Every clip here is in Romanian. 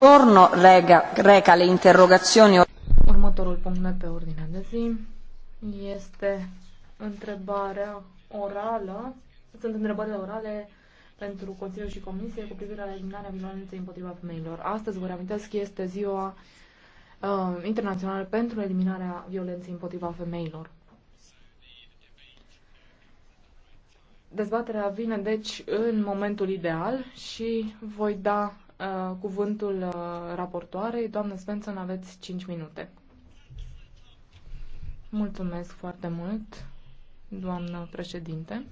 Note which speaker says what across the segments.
Speaker 1: Torno rega, reca le interrogazioni.
Speaker 2: Următorul punct pe ordinea de zi este întrebarea orală. Sunt întrebările orale pentru Consiliul și Comisie cu privire la eliminarea violenței împotriva femeilor. Astăzi, vă reamintesc, este ziua uh, internațională pentru eliminarea violenței împotriva femeilor. Dezbaterea vine, deci, în momentul ideal și voi da Uh, cuvântul uh, raportoarei. Doamnă Svensson, aveți 5 minute. Mulțumesc foarte mult, doamnă președinte.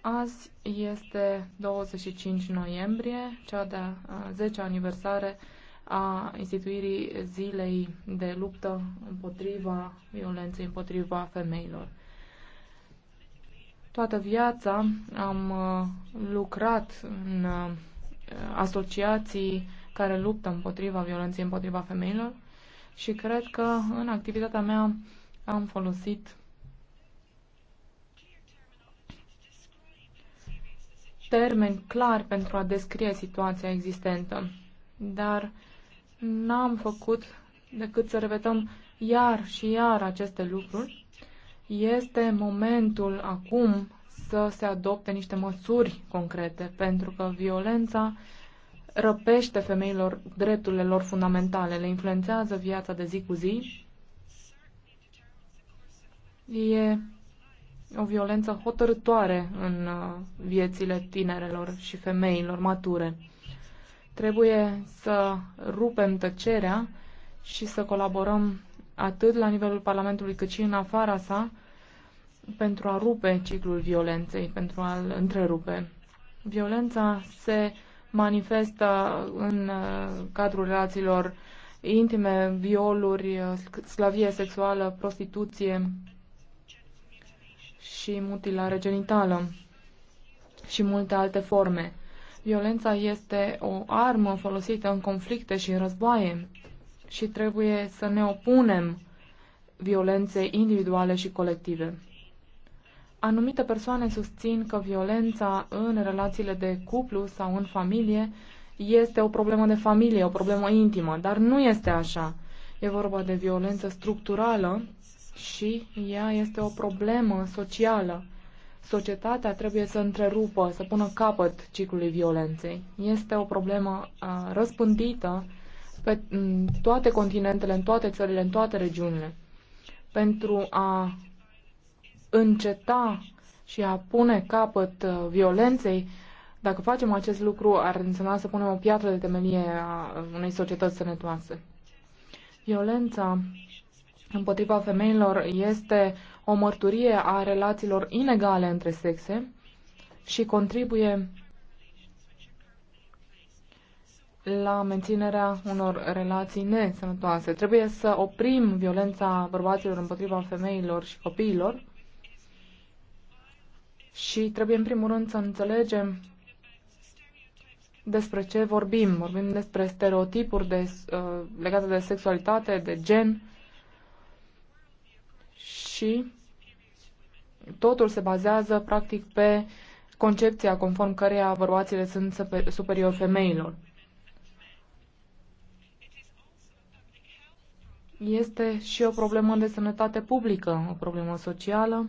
Speaker 2: Azi este 25 noiembrie, cea de-a 10-a uh, aniversare a instituirii zilei de luptă împotriva violenței împotriva femeilor. Toată viața am lucrat în asociații care luptă împotriva violenței împotriva femeilor și cred că în activitatea mea am folosit termeni clar pentru a descrie situația existentă, dar n-am făcut decât să repetăm iar și iar aceste lucruri. Este momentul acum să se adopte niște măsuri concrete, pentru că violența răpește femeilor drepturile lor fundamentale, le influențează viața de zi cu zi. E o violență hotărătoare în uh, viețile tinerelor și femeilor mature. Trebuie să rupem tăcerea și să colaborăm atât la nivelul Parlamentului cât și în afara sa pentru a rupe ciclul violenței, pentru a-l întrerupe. Violența se manifestă în uh, cadrul relațiilor intime, violuri, uh, sclavie sexuală, prostituție și mutilare genitală și multe alte forme. Violența este o armă folosită în conflicte și în războaie și trebuie să ne opunem violenței individuale și colective. Anumite persoane susțin că violența în relațiile de cuplu sau în familie este o problemă de familie, o problemă intimă, dar nu este așa. E vorba de violență structurală și ea este o problemă socială. Societatea trebuie să întrerupă, să pună capăt ciclului violenței. Este o problemă răspândită pe toate continentele, în toate țările, în toate regiunile. Pentru a înceta și a pune capăt uh, violenței, dacă facem acest lucru, ar însemna să punem o piatră de temelie a unei societăți sănătoase. Violența împotriva femeilor este o mărturie a relațiilor inegale între sexe și contribuie la menținerea unor relații nesănătoase. Trebuie să oprim violența bărbaților împotriva femeilor și copiilor și trebuie în primul rând să înțelegem despre ce vorbim. Vorbim despre stereotipuri de, uh, legate de sexualitate, de gen și totul se bazează practic pe concepția conform căreia bărbațile sunt superior femeilor. Este și o problemă de sănătate publică, o problemă socială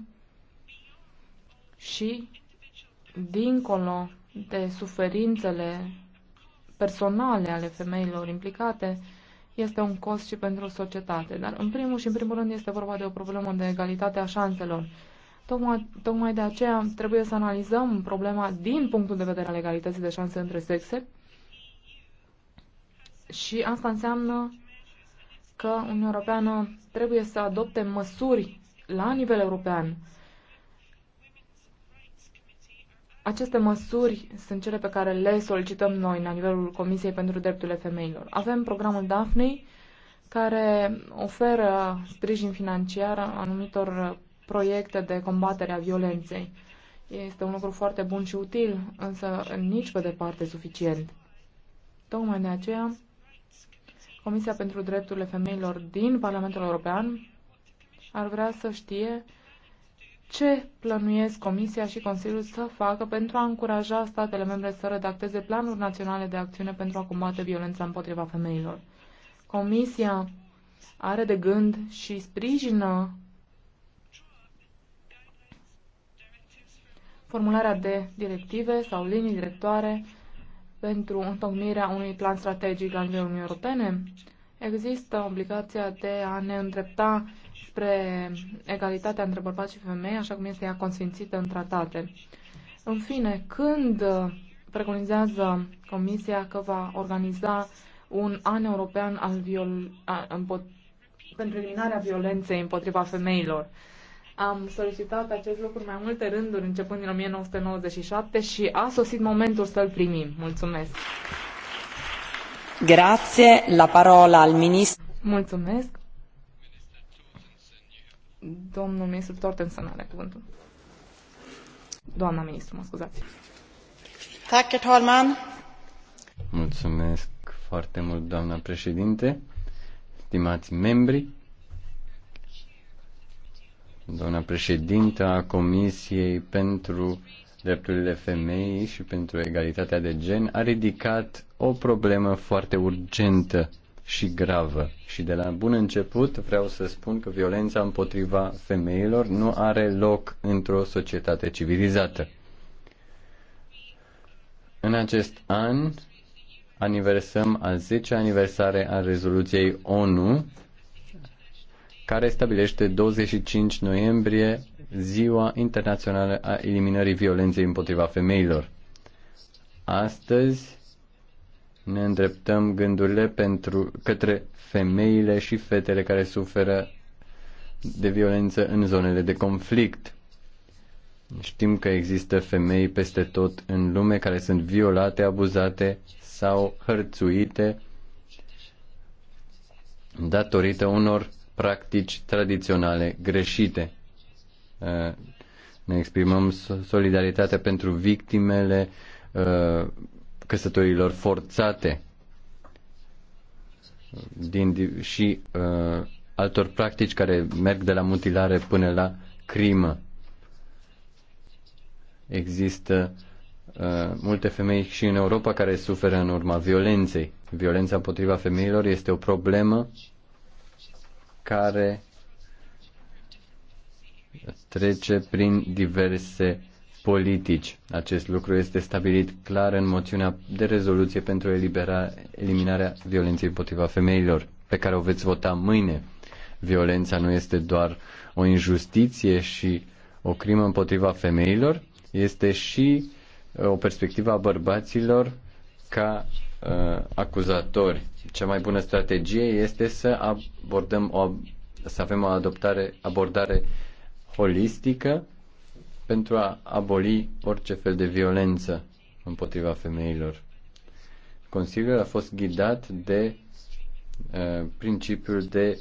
Speaker 2: și dincolo de suferințele personale ale femeilor implicate, este un cost și pentru societate. Dar, în primul și în primul rând, este vorba de o problemă de egalitate a șanselor. Tocmai, tocmai de aceea trebuie să analizăm problema din punctul de vedere al egalității de șanse între sexe și asta înseamnă că Uniunea Europeană trebuie să adopte măsuri la nivel european Aceste măsuri sunt cele pe care le solicităm noi la nivelul Comisiei pentru Drepturile Femeilor. Avem programul Daphne care oferă sprijin financiar anumitor proiecte de combatere a violenței. Este un lucru foarte bun și util, însă nici pe departe suficient. Tocmai de aceea, Comisia pentru Drepturile Femeilor din Parlamentul European ar vrea să știe ce plănuiesc Comisia și Consiliul să facă pentru a încuraja statele membre să redacteze planuri naționale de acțiune pentru a combate violența împotriva femeilor. Comisia are de gând și sprijină formularea de directive sau linii directoare pentru întocmirea unui plan strategic al Uniunii Europene. Există obligația de a ne îndrepta despre egalitatea între bărbați și femei, așa cum este ea consfințită în tratate. În fine, când preconizează Comisia că va organiza un an european al viol... a, împot... pentru eliminarea violenței împotriva femeilor? Am solicitat acest lucru mai multe rânduri începând din 1997 și a sosit momentul să-l primim. Mulțumesc!
Speaker 3: Grazie, la parola al ministru. Mulțumesc.
Speaker 2: Domnul ministru Tortensen are cuvântul. Doamna ministru, mă scuzați.
Speaker 4: Tak, talman.
Speaker 5: Mulțumesc foarte mult, doamna președinte, stimați membri, doamna președinte a Comisiei pentru Drepturile Femeii și pentru Egalitatea de Gen a ridicat o problemă foarte urgentă și gravă. Și de la bun început vreau să spun că violența împotriva femeilor nu are loc într-o societate civilizată. În acest an aniversăm a 10 aniversare a rezoluției ONU care stabilește 25 noiembrie Ziua Internațională a Eliminării Violenței împotriva Femeilor. Astăzi ne îndreptăm gândurile pentru, către femeile și fetele care suferă de violență în zonele de conflict. Știm că există femei peste tot în lume care sunt violate, abuzate sau hărțuite datorită unor practici tradiționale greșite. Uh, ne exprimăm solidaritatea pentru victimele uh, căsătorilor forțate din, și uh, altor practici care merg de la mutilare până la crimă. Există uh, multe femei și în Europa care suferă în urma violenței. Violența împotriva femeilor este o problemă care trece prin diverse uh, politici. Acest lucru este stabilit clar în moțiunea de rezoluție pentru elibera, eliminarea violenței împotriva femeilor, pe care o veți vota mâine. Violența nu este doar o injustiție și o crimă împotriva femeilor, este și uh, o perspectivă a bărbaților ca uh, acuzatori. Cea mai bună strategie este să abordăm o, să avem o adoptare, abordare holistică pentru a aboli orice fel de violență împotriva femeilor. Consiliul a fost ghidat de uh, principiul de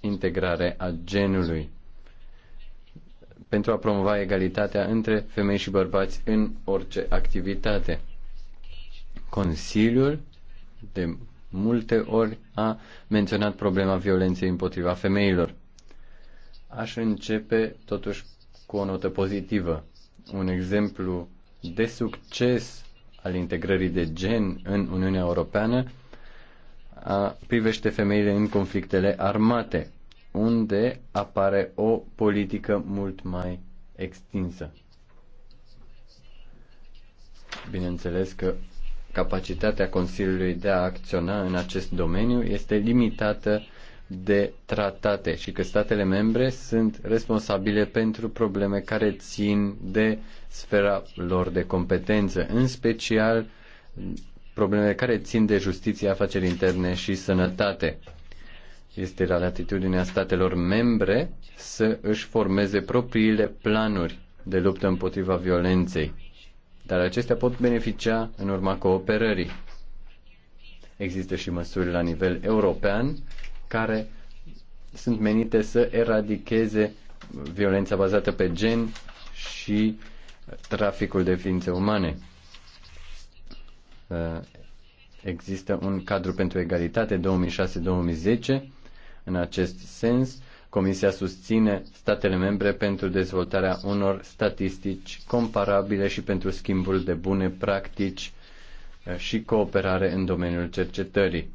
Speaker 5: integrare a genului pentru a promova egalitatea între femei și bărbați în orice activitate. Consiliul de multe ori a menționat problema violenței împotriva femeilor. Aș începe totuși cu o notă pozitivă. Un exemplu de succes al integrării de gen în Uniunea Europeană a, privește femeile în conflictele armate, unde apare o politică mult mai extinsă. Bineînțeles că capacitatea Consiliului de a acționa în acest domeniu este limitată de tratate și că statele membre sunt responsabile pentru probleme care țin de sfera lor de competență, în special probleme care țin de justiție, afaceri interne și sănătate. Este la latitudinea statelor membre să își formeze propriile planuri de luptă împotriva violenței, dar acestea pot beneficia în urma cooperării. Există și măsuri la nivel european care sunt menite să eradicheze violența bazată pe gen și traficul de ființe umane. Uh, există un cadru pentru egalitate 2006-2010. În acest sens, Comisia susține statele membre pentru dezvoltarea unor statistici comparabile și pentru schimbul de bune practici uh, și cooperare în domeniul cercetării.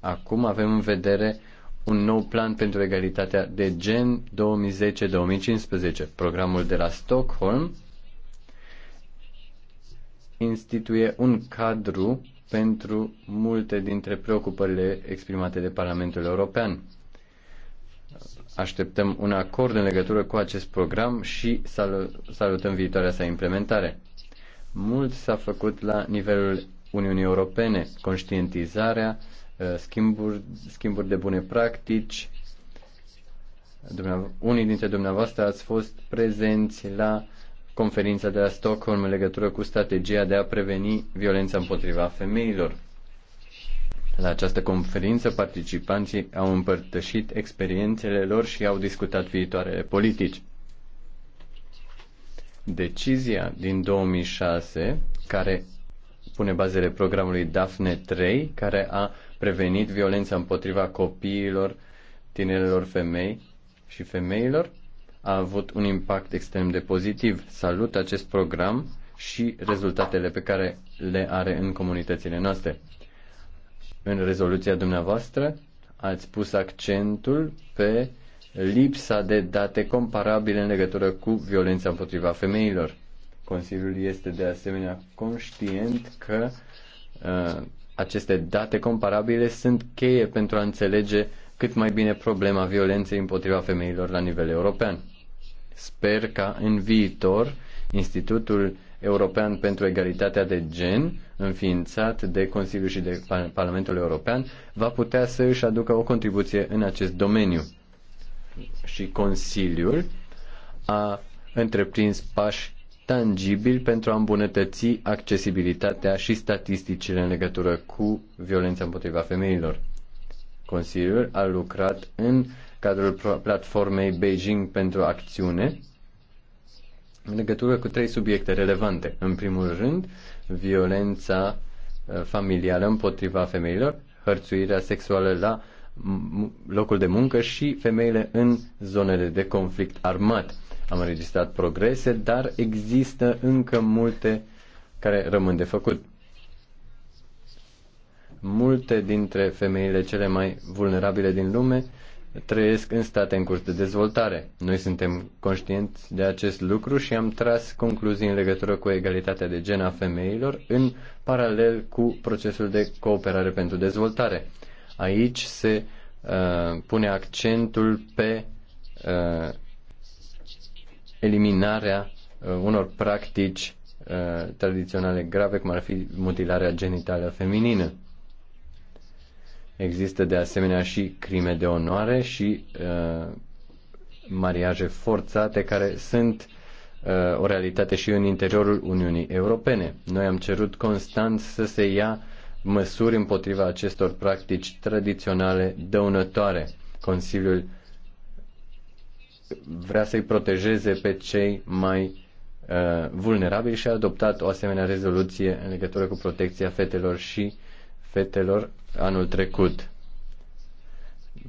Speaker 5: Acum avem în vedere un nou plan pentru egalitatea de gen 2010-2015. Programul de la Stockholm instituie un cadru pentru multe dintre preocupările exprimate de Parlamentul European. Așteptăm un acord în legătură cu acest program și salutăm viitoarea sa implementare. Mult s-a făcut la nivelul Uniunii Europene, conștientizarea Uh, schimburi, schimburi de bune practici. Unii dintre dumneavoastră ați fost prezenți la conferința de la Stockholm în legătură cu strategia de a preveni violența împotriva femeilor. La această conferință, participanții au împărtășit experiențele lor și au discutat viitoarele politici. Decizia din 2006, care pune bazele programului DAFNE 3, care a prevenit violența împotriva copiilor, tinerilor femei și femeilor, a avut un impact extrem de pozitiv. Salut acest program și rezultatele pe care le are în comunitățile noastre. În rezoluția dumneavoastră ați pus accentul pe lipsa de date comparabile în legătură cu violența împotriva femeilor. Consiliul este de asemenea conștient că uh, aceste date comparabile sunt cheie pentru a înțelege cât mai bine problema violenței împotriva femeilor la nivel european. Sper ca în viitor Institutul European pentru Egalitatea de Gen, înființat de Consiliul și de Parlamentul European, va putea să își aducă o contribuție în acest domeniu. Și Consiliul a întreprins pași tangibili pentru a îmbunătăți accesibilitatea și statisticile în legătură cu violența împotriva femeilor. Consiliul a lucrat în cadrul platformei Beijing pentru acțiune în legătură cu trei subiecte relevante. În primul rând, violența uh, familială împotriva femeilor, hărțuirea sexuală la locul de muncă și femeile în zonele de conflict armat. Am înregistrat progrese, dar există încă multe care rămân de făcut. Multe dintre femeile cele mai vulnerabile din lume trăiesc în state în curs de dezvoltare. Noi suntem conștienți de acest lucru și am tras concluzii în legătură cu egalitatea de gen a femeilor în paralel cu procesul de cooperare pentru dezvoltare. Aici se uh, pune accentul pe uh, eliminarea uh, unor practici uh, tradiționale grave, cum ar fi mutilarea genitală feminină. Există de asemenea și crime de onoare și uh, mariaje forțate care sunt uh, o realitate și în interiorul Uniunii Europene. Noi am cerut constant să se ia măsuri împotriva acestor practici tradiționale dăunătoare. Consiliul vrea să-i protejeze pe cei mai uh, vulnerabili și a adoptat o asemenea rezoluție în legătură cu protecția fetelor și fetelor anul trecut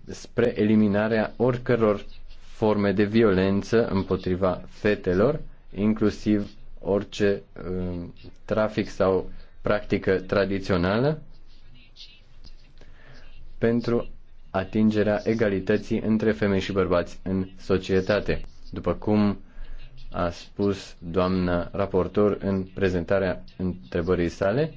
Speaker 5: spre eliminarea oricăror forme de violență împotriva fetelor, inclusiv orice uh, trafic sau practică tradițională pentru atingerea egalității între femei și bărbați în societate. După cum a spus doamna raportor în prezentarea întrebării sale,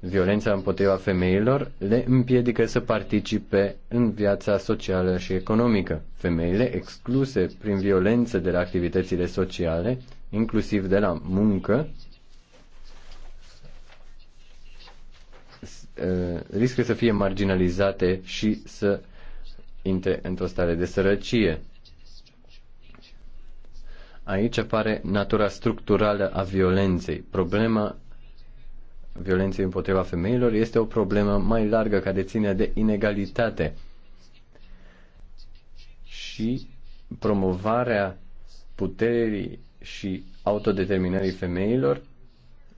Speaker 5: violența împotriva femeilor le împiedică să participe în viața socială și economică. Femeile excluse prin violență de la activitățile sociale, inclusiv de la muncă, eh, riscă să fie marginalizate și să intre într-o stare de sărăcie. Aici apare natura structurală a violenței. Problema violenței împotriva femeilor este o problemă mai largă care ține de inegalitate și promovarea puterii și autodeterminării femeilor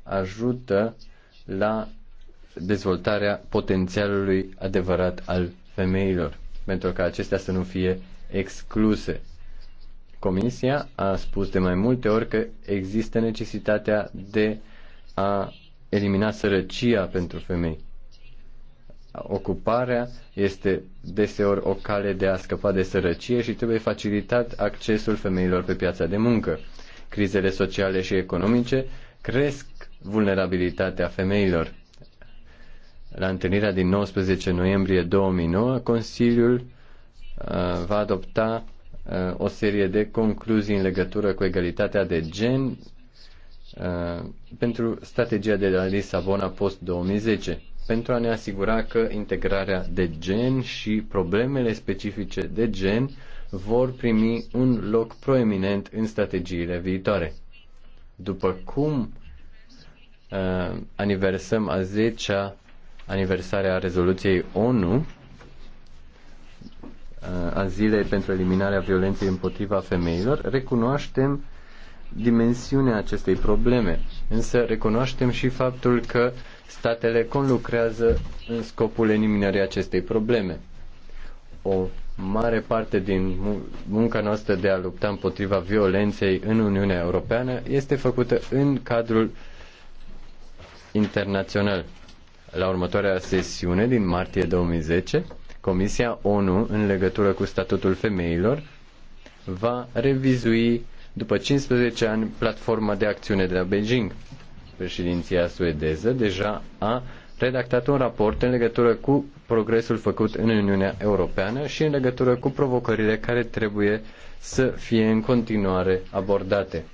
Speaker 5: ajută la dezvoltarea potențialului adevărat al femeilor pentru ca acestea să nu fie excluse. Comisia a spus de mai multe ori că există necesitatea de a elimina sărăcia pentru femei. Ocuparea este deseori o cale de a scăpa de sărăcie și trebuie facilitat accesul femeilor pe piața de muncă. Crizele sociale și economice cresc vulnerabilitatea femeilor. La întâlnirea din 19 noiembrie 2009, Consiliul uh, va adopta uh, o serie de concluzii în legătură cu egalitatea de gen uh, pentru strategia de la Lisabona post-2010, pentru a ne asigura că integrarea de gen și problemele specifice de gen vor primi un loc proeminent în strategiile viitoare. După cum aniversăm a 10-a aniversare a rezoluției ONU uh, a zilei pentru eliminarea violenței împotriva femeilor, recunoaștem dimensiunea acestei probleme, însă recunoaștem și faptul că statele conlucrează în scopul eliminării acestei probleme. O mare parte din munca noastră de a lupta împotriva violenței în Uniunea Europeană este făcută în cadrul internațional la următoarea sesiune din martie 2010, Comisia ONU, în legătură cu statutul femeilor, va revizui după 15 ani platforma de acțiune de la Beijing. Președinția suedeză deja a redactat un raport în legătură cu progresul făcut în Uniunea Europeană și în legătură cu provocările care trebuie să fie în continuare abordate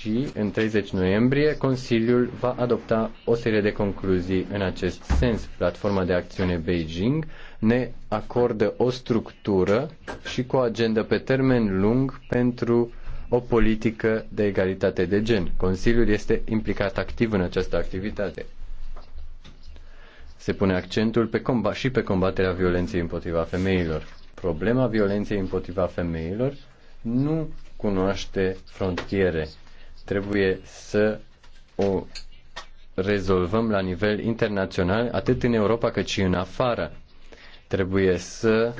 Speaker 5: și în 30 noiembrie Consiliul va adopta o serie de concluzii în acest sens. Platforma de acțiune Beijing ne acordă o structură și cu o agendă pe termen lung pentru o politică de egalitate de gen. Consiliul este implicat activ în această activitate. Se pune accentul pe comba- și pe combaterea violenței împotriva femeilor. Problema violenței împotriva femeilor nu cunoaște frontiere. Trebuie să o rezolvăm la nivel internațional, atât în Europa cât și în afară. Trebuie să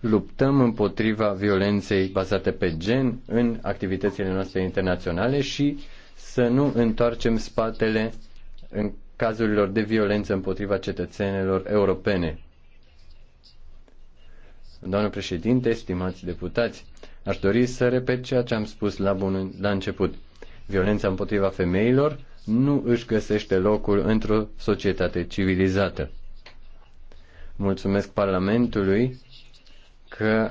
Speaker 5: luptăm împotriva violenței bazate pe gen în activitățile noastre internaționale și să nu întoarcem spatele în cazurilor de violență împotriva cetățenilor europene. Doamnă președinte, stimați deputați, aș dori să repet ceea ce am spus la, bun, la început. Violența împotriva femeilor nu își găsește locul într-o societate civilizată. Mulțumesc Parlamentului că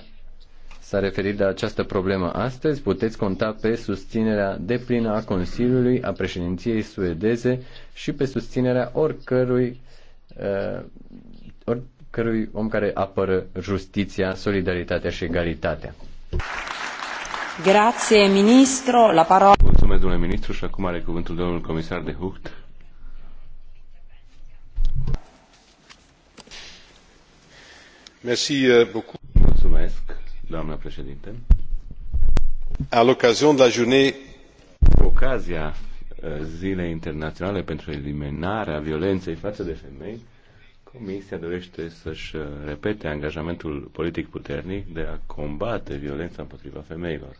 Speaker 5: s-a referit la această problemă astăzi. Puteți conta pe susținerea deplină a Consiliului, a președinției suedeze și pe susținerea oricărui, uh, oricărui om care apără justiția, solidaritatea și egalitatea. Grazie,
Speaker 3: ministro. La parola.
Speaker 5: Mulțumesc, domnule ministru, și acum are cuvântul domnul comisar de Hucht.
Speaker 6: Merci euh, beaucoup. Mulțumesc, doamna președinte. A l'occasion de la journée... Ocazia uh, Zilei Internaționale pentru Eliminarea Violenței față de femei, Comisia dorește să-și uh, repete angajamentul politic puternic de a combate violența împotriva femeilor.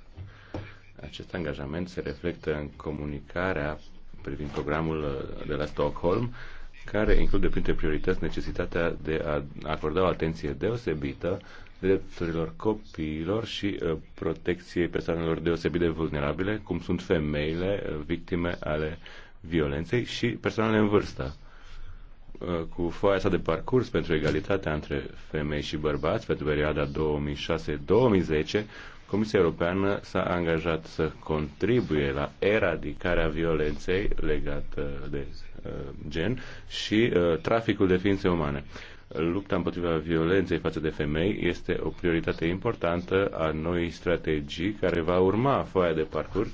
Speaker 6: Acest angajament se reflectă în comunicarea privind programul uh, de la Stockholm, care include printre priorități necesitatea de a acorda o atenție deosebită drepturilor copiilor și uh, protecției persoanelor deosebit de vulnerabile, cum sunt femeile uh, victime ale violenței și persoanele în vârstă. Cu foaia sa de parcurs pentru egalitatea între femei și bărbați pentru perioada 2006-2010, Comisia Europeană s-a angajat să contribuie la eradicarea violenței legată de uh, gen și uh, traficul de ființe umane. Lupta împotriva violenței față de femei este o prioritate importantă a noii strategii care va urma foaia de parcurs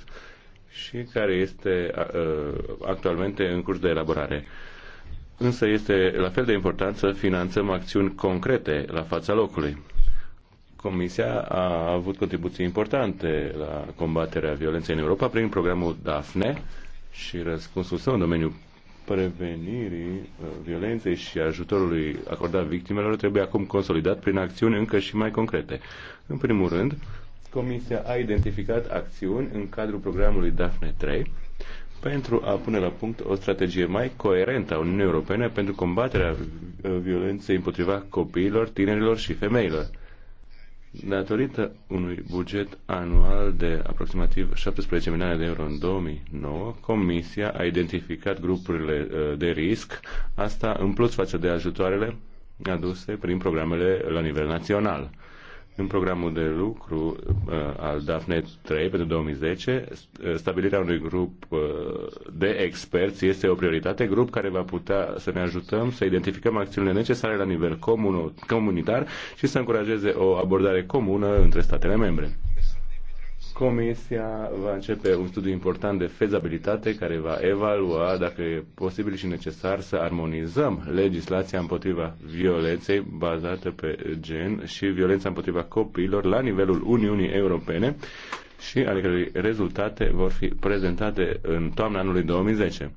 Speaker 6: și care este uh, actualmente în curs de elaborare. Însă este la fel de important să finanțăm acțiuni concrete la fața locului Comisia a avut contribuții importante la combaterea violenței în Europa prin programul DAFNE și răspunsul său în domeniul prevenirii uh, violenței și ajutorului acordat victimelor trebuie acum consolidat prin acțiuni încă și mai concrete. În primul rând, Comisia a identificat acțiuni în cadrul programului DAFNE 3 pentru a pune la punct o strategie mai coerentă a Uniunii Europene pentru combaterea uh, violenței împotriva copiilor, tinerilor și femeilor Datorită unui buget anual de aproximativ 17 milioane de euro în 2009, Comisia a identificat grupurile uh, de risc, asta în plus față de ajutoarele aduse prin programele la nivel național. În programul de lucru uh, al DAFNE 3 pentru 2010, stabilirea unui grup uh, de experți este o prioritate, grup care va putea să ne ajutăm să identificăm acțiunile necesare la nivel comun- comunitar și să încurajeze o abordare comună între statele membre. Comisia va începe un studiu important de fezabilitate care va evalua dacă e posibil și necesar să armonizăm legislația împotriva violenței bazată pe gen și violența împotriva copiilor la nivelul Uniunii Europene și ale cărei rezultate vor fi prezentate în toamna anului 2010.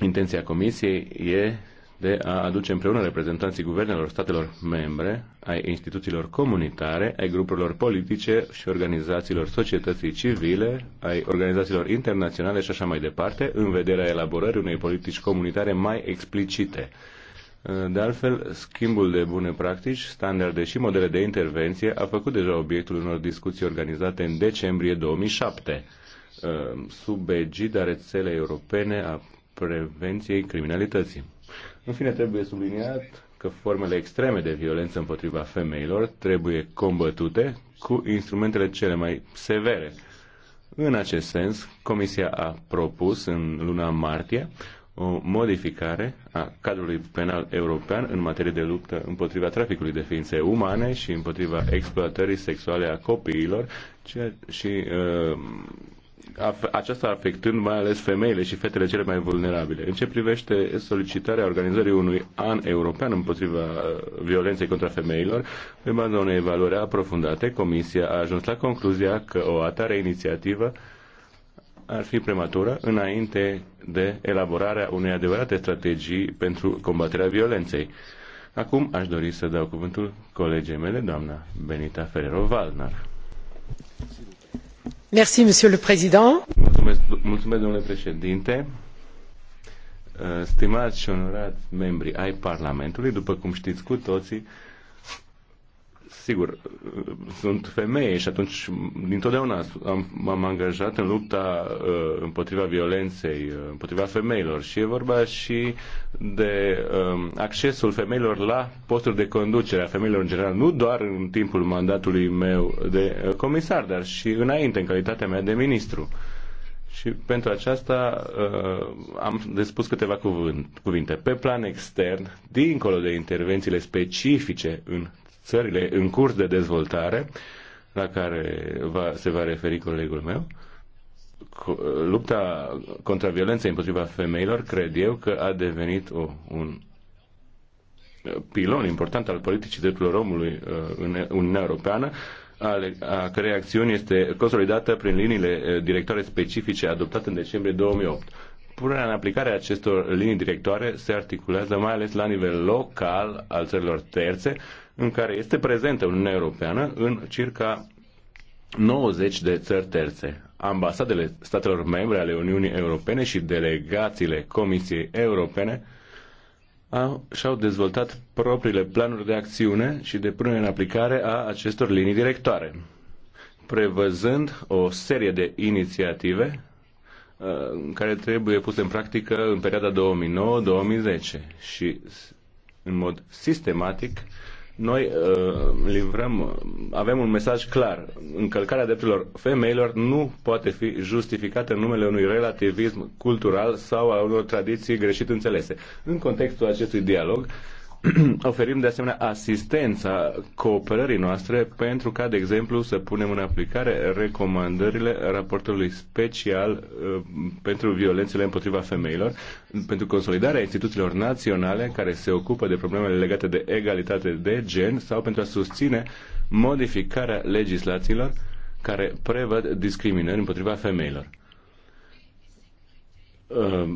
Speaker 6: Intenția Comisiei e de a aduce împreună reprezentanții guvernelor statelor membre, ai instituțiilor comunitare, ai grupurilor politice și organizațiilor societății civile, ai organizațiilor internaționale și așa mai departe, în vederea elaborării unei politici comunitare mai explicite. De altfel, schimbul de bune practici, standarde și modele de intervenție a făcut deja obiectul unor discuții organizate în decembrie 2007 sub egida rețelei europene a prevenției criminalității. În fine, trebuie subliniat că formele extreme de violență împotriva femeilor trebuie combătute cu instrumentele cele mai severe. În acest sens, Comisia a propus în luna martie o modificare a cadrului penal european în materie de luptă împotriva traficului de ființe umane și împotriva exploatării sexuale a copiilor ceea, și uh, aceasta afectând mai ales femeile și fetele cele mai vulnerabile. În ce privește solicitarea organizării unui an european împotriva uh, violenței contra femeilor, pe baza unei evaluări aprofundate, Comisia a ajuns la concluzia că o atare inițiativă ar fi prematură înainte de elaborarea unei adevărate strategii pentru combaterea violenței. Acum aș dori să dau cuvântul colegei mele, doamna Benita Ferrero-Valnar.
Speaker 2: Mulțumesc,
Speaker 6: mulțumesc, domnule președinte. Uh, stimați și onorați membri ai Parlamentului, după cum știți cu toții, sigur, sunt femeie și atunci dintotdeauna m-am angajat în lupta uh, împotriva violenței, uh, împotriva femeilor și e vorba și de uh, accesul femeilor la posturi de conducere a femeilor în general, nu doar în timpul mandatului meu de uh, comisar, dar și înainte, în calitatea mea de ministru. Și pentru aceasta uh, am despus câteva cuvânt, cuvinte. Pe plan extern, dincolo de intervențiile specifice în țările în curs de dezvoltare, la care va, se va referi colegul meu, lupta contra violenței împotriva femeilor, cred eu că a devenit o, un uh, pilon important al politicii drepturilor omului uh, în Uniunea Europeană, a cărei acțiune este consolidată prin liniile uh, directoare specifice adoptate în decembrie 2008. Punerea în aplicare a acestor linii directoare se articulează mai ales la nivel local al țărilor terțe, în care este prezentă Uniunea Europeană în circa 90 de țări terțe. Ambasadele statelor membre ale Uniunii Europene și delegațiile Comisiei Europene au, și-au dezvoltat propriile planuri de acțiune și de punere în aplicare a acestor linii directoare, prevăzând o serie de inițiative uh, care trebuie puse în practică în perioada 2009-2010 și în mod sistematic noi uh, livrăm, uh, avem un mesaj clar. Încălcarea drepturilor femeilor nu poate fi justificată în numele unui relativism cultural sau a unor tradiții greșit înțelese. În contextul acestui dialog, uh, oferim de asemenea asistența cooperării noastre pentru ca, de exemplu, să punem în aplicare recomandările raportului special uh, pentru violențele împotriva femeilor, pentru consolidarea instituțiilor naționale care se ocupă de problemele legate de egalitate de gen sau pentru a susține modificarea legislațiilor care prevăd discriminări împotriva femeilor uh,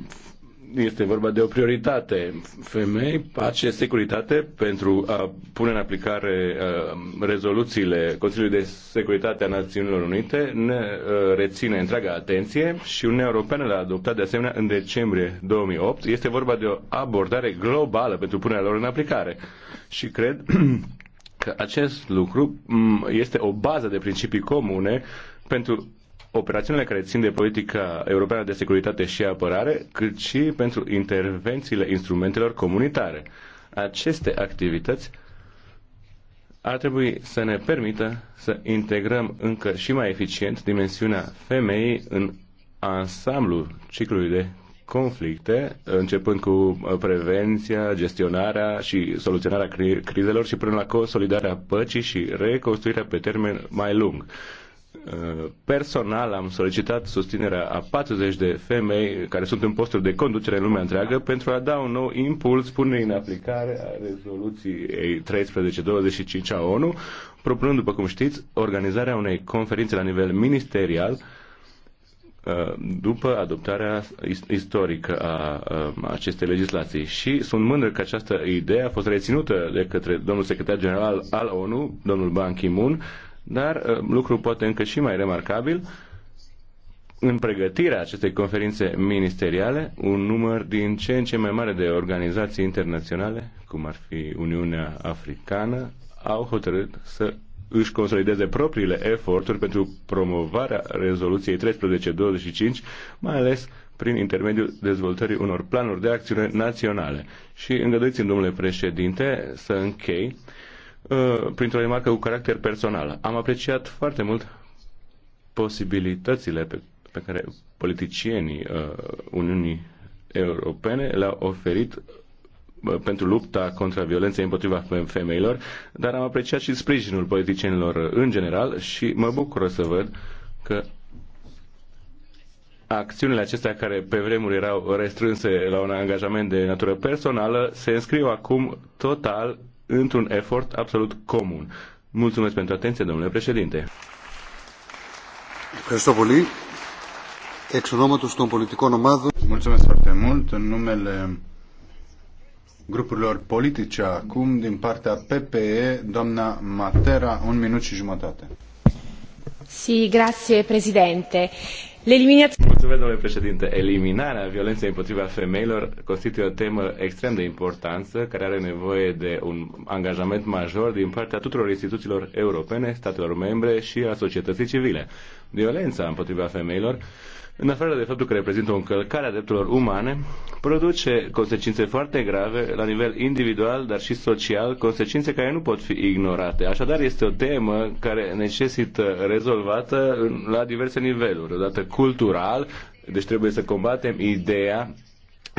Speaker 6: este vorba de o prioritate. Femei, pace, securitate pentru a pune în aplicare uh, rezoluțiile Consiliului de Securitate a Națiunilor Unite ne uh, reține întreaga atenție și Uniunea Europeană l-a adoptat de asemenea în decembrie 2008. Este vorba de o abordare globală pentru punerea lor în aplicare și cred că acest lucru mm, este o bază de principii comune pentru operațiunile care țin de politica europeană de securitate și apărare, cât și pentru intervențiile instrumentelor comunitare. Aceste activități ar trebui să ne permită să integrăm încă și mai eficient dimensiunea femeii în ansamblul ciclului de conflicte, începând cu uh, prevenția, gestionarea și soluționarea crizelor și până la consolidarea păcii și reconstruirea pe termen mai lung. Uh, personal am solicitat susținerea a 40 de femei care sunt în posturi de conducere în lumea întreagă pentru a da un nou impuls, pune în aplicare a rezoluției 1325 a ONU, propunând, după cum știți, organizarea unei conferințe la nivel ministerial uh, după adoptarea istorică a uh, acestei legislații. Și sunt mândru că această idee a fost reținută de către domnul secretar general al ONU, domnul Ban Ki-moon, dar uh, lucru poate încă și mai remarcabil, în pregătirea acestei conferințe ministeriale, un număr din ce în ce mai mare de organizații internaționale, cum ar fi Uniunea Africană, au hotărât să își consolideze propriile eforturi pentru promovarea rezoluției 1325, mai ales prin intermediul dezvoltării unor planuri de acțiune naționale. Și îngăduiți-mi, domnule președinte, să închei Uh, printr-o remarcă cu caracter personal. Am apreciat foarte mult posibilitățile pe, pe care politicienii uh, Uniunii Europene le-au oferit uh, pentru lupta contra violenței împotriva femeilor, dar am apreciat și sprijinul politicienilor în general și mă bucur să văd că acțiunile acestea care pe vremuri erau restrânse la un angajament de natură personală se înscriu acum total într-un efort absolut comun. Mulțumesc pentru atenție, domnule președinte.
Speaker 7: Mulțumesc foarte mult. În numele grupurilor politice acum, din partea PPE, doamna Matera, un minut și jumătate.
Speaker 2: Si, grazie, Presidente. Mulțumesc,
Speaker 6: domnule președinte. Eliminarea violenței împotriva femeilor constituie o temă extrem de importantă care are nevoie de un angajament major din partea tuturor instituțiilor europene, statelor membre și a societății civile. Violența împotriva femeilor în afară de faptul că reprezintă o încălcare a drepturilor umane, produce consecințe foarte grave la nivel individual, dar și social, consecințe care nu pot fi ignorate. Așadar, este o temă care necesită rezolvată la diverse niveluri. Odată cultural, deci trebuie să combatem ideea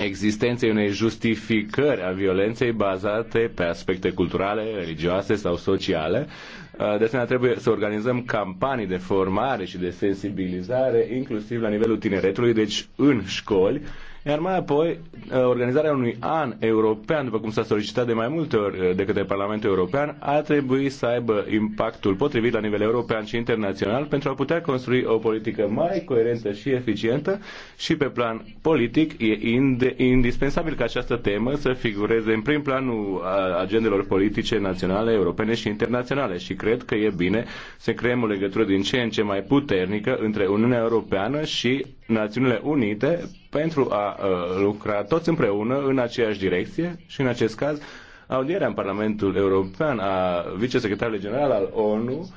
Speaker 6: existenței unei justificări a violenței bazate pe aspecte culturale, religioase sau sociale. Uh, de asemenea, trebuie să organizăm campanii de formare și de sensibilizare, inclusiv la nivelul tineretului, deci în școli, iar mai apoi, uh, organizarea unui an european, după cum s-a solicitat de mai multe ori uh, de către Parlamentul European, a trebui să aibă impactul potrivit la nivel european și internațional pentru a putea construi o politică mai coerentă și eficientă și pe plan politic e ind- indispensabil ca această temă să figureze în prim planul uh, agendelor politice naționale, europene și internaționale și cred că e bine să creăm o legătură din ce în ce mai puternică între Uniunea Europeană și Națiunile Unite pentru a uh, lucra toți împreună în aceeași direcție și în acest caz audierea în Parlamentul European a vicesecretarului general al ONU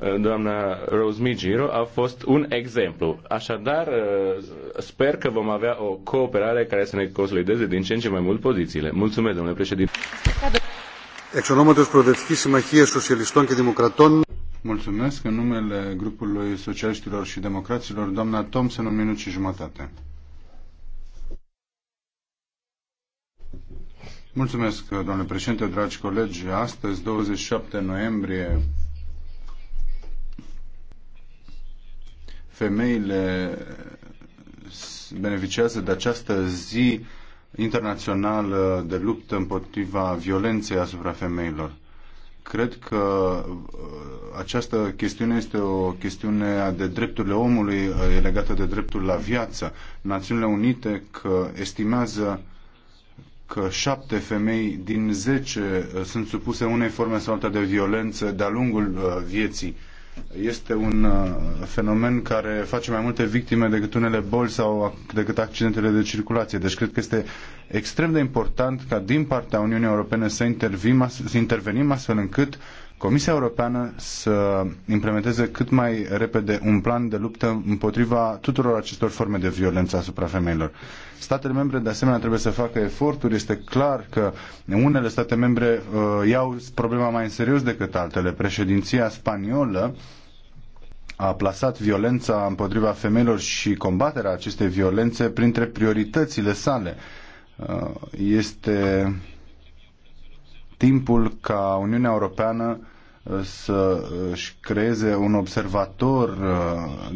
Speaker 6: uh, doamna Rose Migiro a fost un exemplu. Așadar, uh, sper că vom avea o cooperare care să ne consolideze din ce în ce mai mult pozițiile. Mulțumesc, domnule președinte.
Speaker 7: Εξ ονόματος Προοδευτικής Συμμαχίας Σοσιαλιστών και Δημοκρατών Mulțumesc. În numele grupului socialiștilor și democraților, doamna Thompson, un minut și jumătate. Mulțumesc, domnule președinte, dragi colegi. Astăzi, 27 noiembrie, femeile beneficiază de această zi internațională de luptă împotriva violenței asupra femeilor. Cred că uh, această chestiune este o chestiune de drepturile omului, uh, e legată de dreptul la viață. Națiunile Unite că estimează că șapte femei din zece uh, sunt supuse unei forme sau alta de violență de-a lungul vieții este un uh, fenomen care face mai multe victime decât unele boli sau decât accidentele de circulație. Deci cred că este extrem de important ca din partea Uniunii Europene să intervenim, să intervenim astfel încât Comisia Europeană să implementeze cât mai repede un plan de luptă împotriva tuturor acestor forme de violență asupra femeilor. Statele membre, de asemenea, trebuie să facă eforturi. Este clar că unele state membre uh, iau problema mai în serios decât altele. Președinția spaniolă a plasat violența împotriva femeilor și combaterea acestei violențe printre prioritățile sale. Uh, este timpul ca Uniunea Europeană uh, să își uh, creeze un observator uh,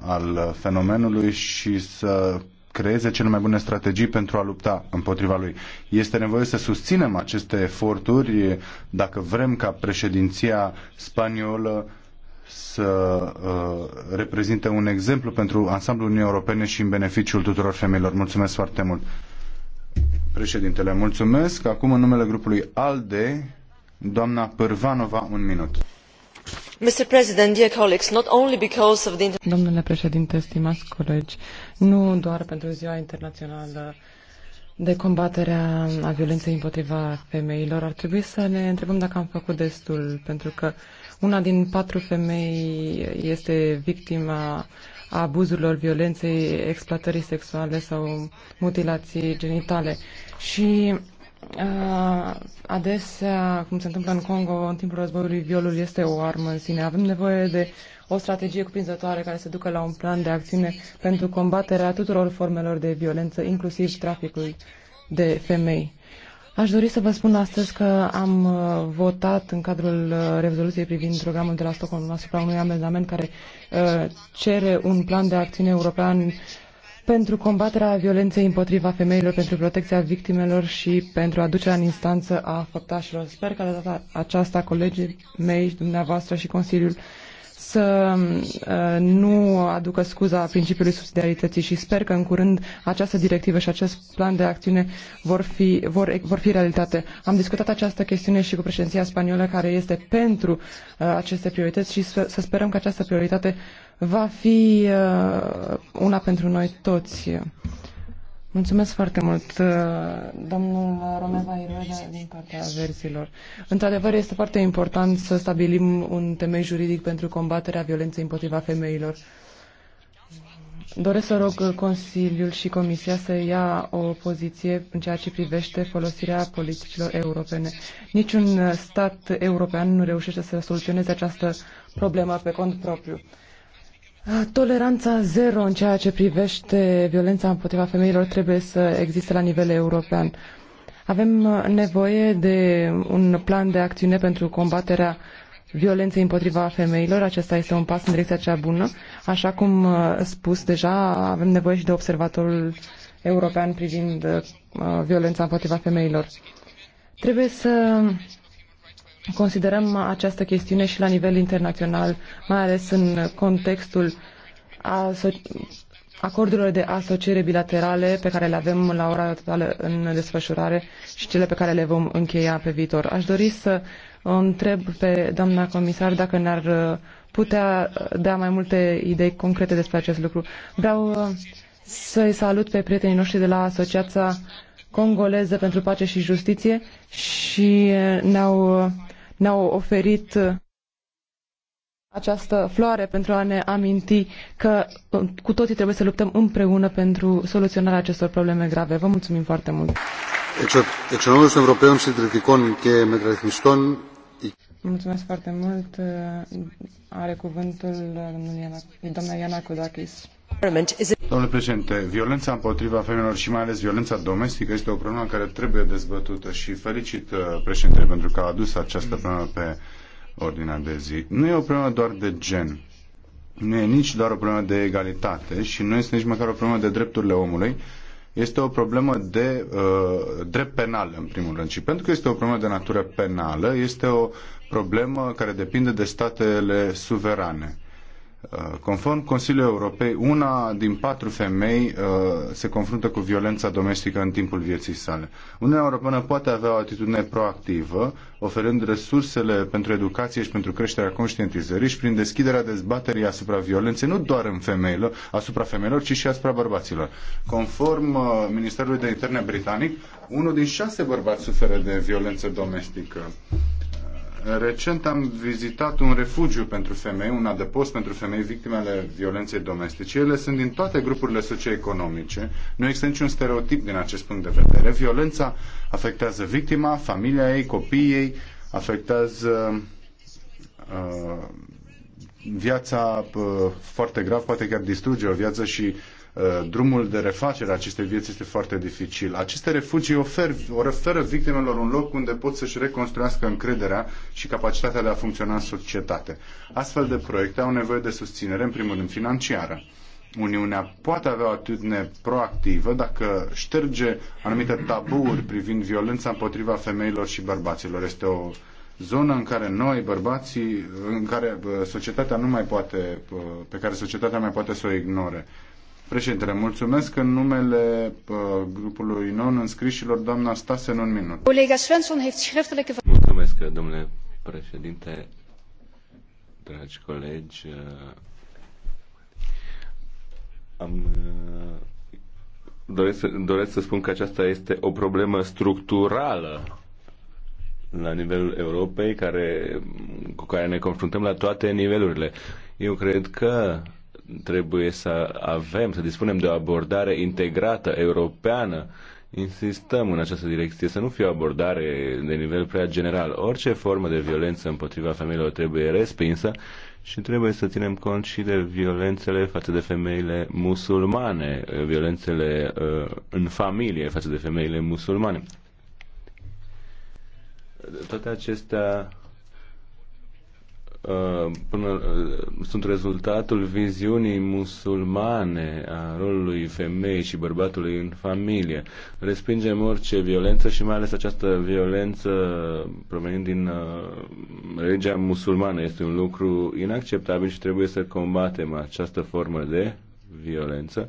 Speaker 7: al fenomenului și să creeze cele mai bune strategii pentru a lupta împotriva lui. Este nevoie să susținem aceste eforturi dacă vrem ca președinția spaniolă să uh, reprezinte un exemplu pentru ansamblul Uniunii Europene și în beneficiul tuturor femeilor. Mulțumesc foarte mult! Președintele, mulțumesc. Acum, în numele grupului ALDE, doamna Pârvanova, un minut.
Speaker 4: Domnule președinte, stimați colegi, nu doar pentru ziua internațională de combaterea a violenței împotriva femeilor, ar trebui să ne întrebăm dacă am făcut destul, pentru că una din patru femei este victima abuzurilor, violenței, exploatării sexuale sau mutilații genitale. Și uh, adesea, cum se întâmplă în Congo, în timpul războiului, violul este o armă în sine. Avem nevoie de o strategie cuprinzătoare care să ducă la un plan de acțiune pentru combaterea tuturor formelor de violență, inclusiv traficul de femei. Aș dori să vă spun astăzi că am uh, votat în cadrul uh, rezoluției privind programul de la Stockholm asupra unui amendament care uh, cere un plan de acțiune european pentru combaterea violenței împotriva femeilor, pentru protecția victimelor și pentru aducerea în instanță a făptașilor. Sper că de data aceasta colegii mei, dumneavoastră și Consiliul să uh, nu aducă scuza principiului subsidiarității și sper că în curând această directivă și acest plan de acțiune vor fi, vor, vor fi realitate. Am discutat această chestiune și cu președinția spaniolă care este pentru uh, aceste priorități și să, să sperăm că această prioritate va fi uh, una pentru noi toți. Mulțumesc foarte mult, uh, domnul Romeva Iroeda, din partea verzilor. Într-adevăr, este foarte important să stabilim un temei juridic pentru combaterea violenței împotriva femeilor. Doresc să rog Consiliul și Comisia să ia o poziție în ceea ce privește folosirea politicilor europene. Niciun stat european nu reușește să soluționeze această problemă pe cont propriu. Toleranța zero în ceea ce privește violența împotriva femeilor trebuie să existe la nivel european. Avem nevoie de un plan de acțiune pentru combaterea violenței împotriva femeilor. Acesta este un pas în direcția cea bună. Așa cum uh, spus deja, avem nevoie și de observatorul european privind uh, violența împotriva femeilor. Trebuie să considerăm această chestiune și la nivel internațional, mai ales în contextul acordurilor de asociere bilaterale pe care le avem la ora totală în desfășurare și cele pe care le vom încheia pe viitor. Aș dori să o întreb pe doamna comisar dacă ne-ar uh, putea uh, da mai multe idei concrete despre acest lucru. Vreau uh, să-i salut pe prietenii noștri de la Asociația Congoleză pentru Pace și Justiție și ne-au ne-au oferit uh, această floare pentru a ne aminti că uh, cu toții trebuie să luptăm împreună pentru soluționarea acestor probleme grave. Vă mulțumim foarte mult! Mulțumesc foarte mult. Uh, are cuvântul domnul Iana Kudakis.
Speaker 7: Domnule președinte, violența împotriva femeilor și mai ales violența domestică este o problemă care trebuie dezbătută și felicit uh, președintele pentru că a adus această problemă pe ordinea de zi. Nu e o problemă doar de gen. Nu e nici doar o problemă de egalitate și nu este nici măcar o problemă de drepturile omului. Este o problemă de uh, drept penal, în primul rând. Și pentru că este o problemă de natură penală, este o problemă care depinde de statele suverane Uh, conform Consiliului Europei, una din patru femei uh, se confruntă cu violența domestică în timpul vieții sale. Uniunea Europeană poate avea o atitudine proactivă, oferând resursele pentru educație și pentru creșterea conștientizării și prin deschiderea dezbaterii asupra violenței, nu doar în femeilor, asupra femeilor, ci și asupra bărbaților. Conform uh, Ministerului de Interne Britanic, unul din șase bărbați suferă de violență domestică. Recent am vizitat un refugiu pentru femei, un adăpost pentru femei victime ale violenței domestice. Ele sunt din toate grupurile socioeconomice. Nu există niciun stereotip din acest punct de vedere. Violența afectează victima, familia ei, copiii ei, afectează uh, viața uh, foarte grav, poate chiar distruge o viață și Uh, drumul de refacere a acestei vieți este foarte dificil. Aceste refugii ofer, oferă victimelor un loc unde pot să-și reconstruiască încrederea și capacitatea de a funcționa în societate. Astfel de proiecte au nevoie de susținere, în primul rând, financiară. Uniunea poate avea o atitudine proactivă dacă șterge anumite taburi privind violența împotriva femeilor și bărbaților. Este o zonă în care noi, bărbații, în care uh, societatea nu mai poate, uh, pe care societatea mai poate să o ignore. Președintele, mulțumesc în numele uh, grupului non-înscrișilor, doamna Stase, în un minut.
Speaker 5: Colega Svensson heeft schriftelijke... Mulțumesc,
Speaker 7: domnule
Speaker 6: președinte, dragi colegi. Uh, am uh, doresc, doresc să spun că aceasta este o problemă structurală la nivelul Europei care, cu care ne confruntăm la toate nivelurile. Eu cred că trebuie să avem, să dispunem de o abordare integrată, europeană. Insistăm în această direcție, să nu fie o abordare de nivel prea general. Orice formă de violență împotriva femeilor trebuie respinsă și trebuie să ținem cont și de violențele față de femeile musulmane, violențele uh, în familie față de femeile musulmane. Toate acestea Uh, până, uh, sunt rezultatul viziunii musulmane a rolului femeii și bărbatului în familie. Respingem orice violență și mai ales această violență provenind din uh, legea musulmană. Este un lucru inacceptabil și trebuie să combatem această formă de violență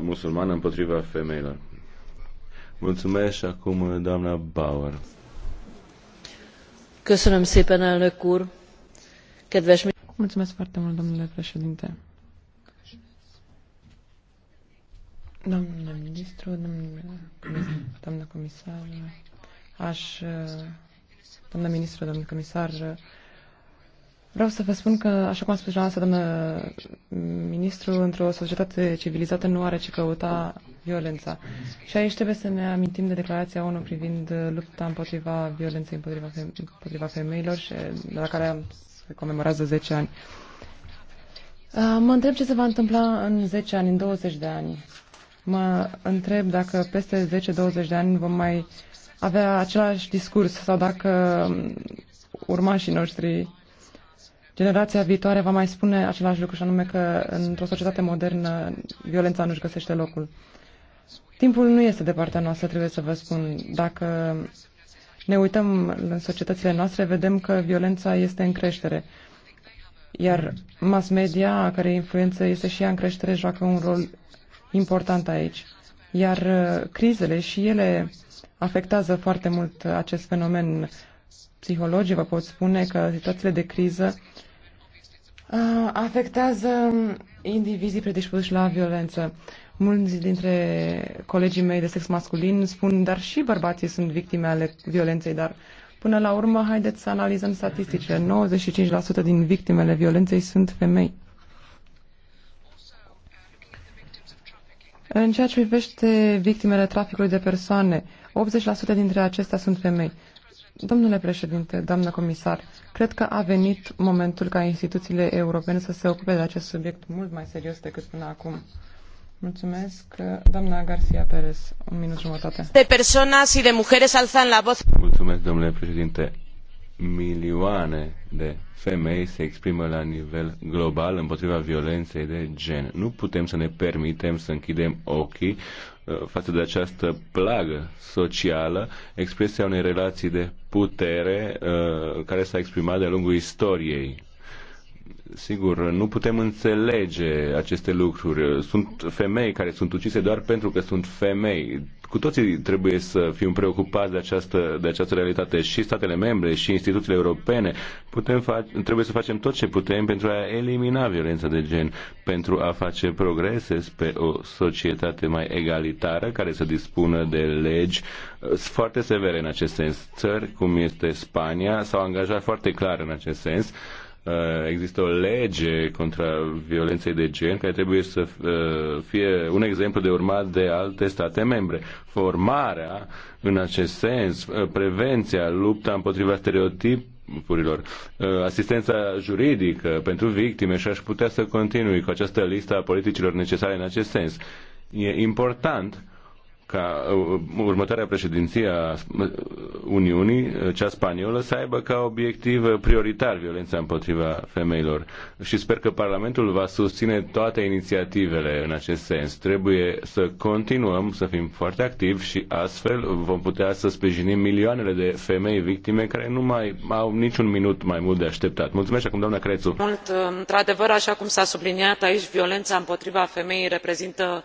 Speaker 6: musulmană împotriva femeilor. Mulțumesc acum doamna Bauer.
Speaker 4: Mulțumesc foarte mult, domnule președinte. comisar, comisar, vreau să vă spun că, așa cum a spus dumneavoastră, doamnă ministru, într-o societate civilizată nu are ce căuta violența. Și aici trebuie să ne amintim de declarația ONU privind uh, lupta împotriva violenței împotriva, feme împotriva femeilor, și, uh, la care se comemorează 10 ani. Uh, mă întreb ce se va întâmpla în 10 ani, în 20 de ani. Mă întreb dacă peste 10-20 de ani vom mai avea același discurs sau dacă um, urmașii noștri, generația viitoare, va mai spune același lucru și anume că într-o societate modernă violența nu-și găsește locul. Timpul nu este de partea noastră, trebuie să vă spun. Dacă ne uităm în societățile noastre, vedem că violența este în creștere. Iar mass media, a care influență este și ea în creștere, joacă un rol important aici. Iar uh, crizele și ele afectează foarte mult acest fenomen. Psihologii vă pot spune că situațiile de criză uh, afectează indivizii predispuși la violență. Mulți dintre colegii mei de sex masculin spun, dar și bărbații sunt victime ale violenței, dar până la urmă, haideți să analizăm statisticile. 95% din victimele violenței sunt femei. În ceea ce privește victimele traficului de persoane, 80% dintre acestea sunt femei. Domnule președinte, doamnă comisar, cred că a venit momentul ca instituțiile europene să se ocupe de acest subiect mult mai serios decât până acum. Mulțumesc, doamna Garcia Pérez, un minut jumătate.
Speaker 3: De personas și de mujeres alzan la voz.
Speaker 6: Mulțumesc, domnule președinte. Milioane de femei se exprimă la nivel global împotriva violenței de gen. Nu putem să ne permitem să închidem ochii uh, față de această plagă socială, expresia unei relații de putere uh, care s-a exprimat de-a lungul istoriei Sigur, nu putem înțelege aceste lucruri. Sunt femei care sunt ucise doar pentru că sunt femei. Cu toții trebuie să fim preocupați de această, de această realitate și statele membre și instituțiile europene. Putem fa- trebuie să facem tot ce putem pentru a elimina violența de gen, pentru a face progrese spre o societate mai egalitară care să dispună de legi uh, foarte severe în acest sens. Țări cum este Spania s-au angajat foarte clar în acest sens Uh, există o lege contra violenței de gen care trebuie să uh, fie un exemplu de urmat de alte state membre. Formarea în acest sens, uh, prevenția, lupta împotriva stereotip Purilor. asistența juridică pentru victime și aș putea să continui cu această listă a politicilor necesare în acest sens. E important uh, ca uh, următoarea președinție a Uniunii, uh, cea spaniolă, să aibă ca obiectiv uh, prioritar violența împotriva femeilor. Și sper că Parlamentul va susține toate inițiativele în acest sens. Trebuie să continuăm să fim foarte activi și astfel vom putea să sprijinim milioanele de femei victime care nu mai au niciun minut mai mult de așteptat. Mulțumesc acum, doamna Crețu.
Speaker 3: Mult, într-adevăr, așa cum s-a subliniat aici, violența împotriva femeii reprezintă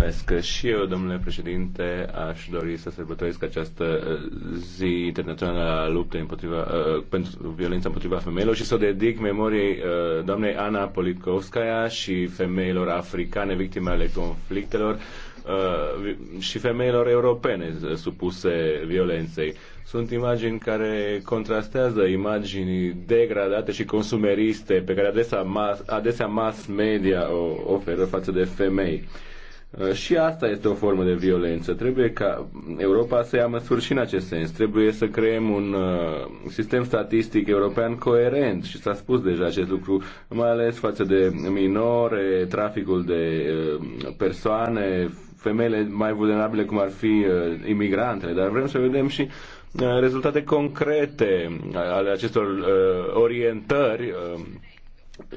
Speaker 6: Mulțumesc. Și eu, domnule președinte, aș dori să sărbătoresc această uh, zi internațională a luptei împotriva, uh, uh, pentru violența împotriva femeilor și să o dedic memoriei uh, doamnei Ana Politkovskaya și femeilor africane victime ale conflictelor uh, și femeilor europene uh, supuse violenței. Sunt imagini care contrastează imagini degradate și consumeriste pe care adesea mass, adesea mass media o oferă față de femei. Uh, și asta este o formă de violență. Trebuie ca Europa să ia măsuri și în acest sens. Trebuie să creăm un uh, sistem statistic european coerent și s-a spus deja acest lucru, mai ales față de minore, traficul de uh, persoane, femeile mai vulnerabile cum ar fi imigrantele, dar vrem să vedem și rezultate concrete ale acestor orientări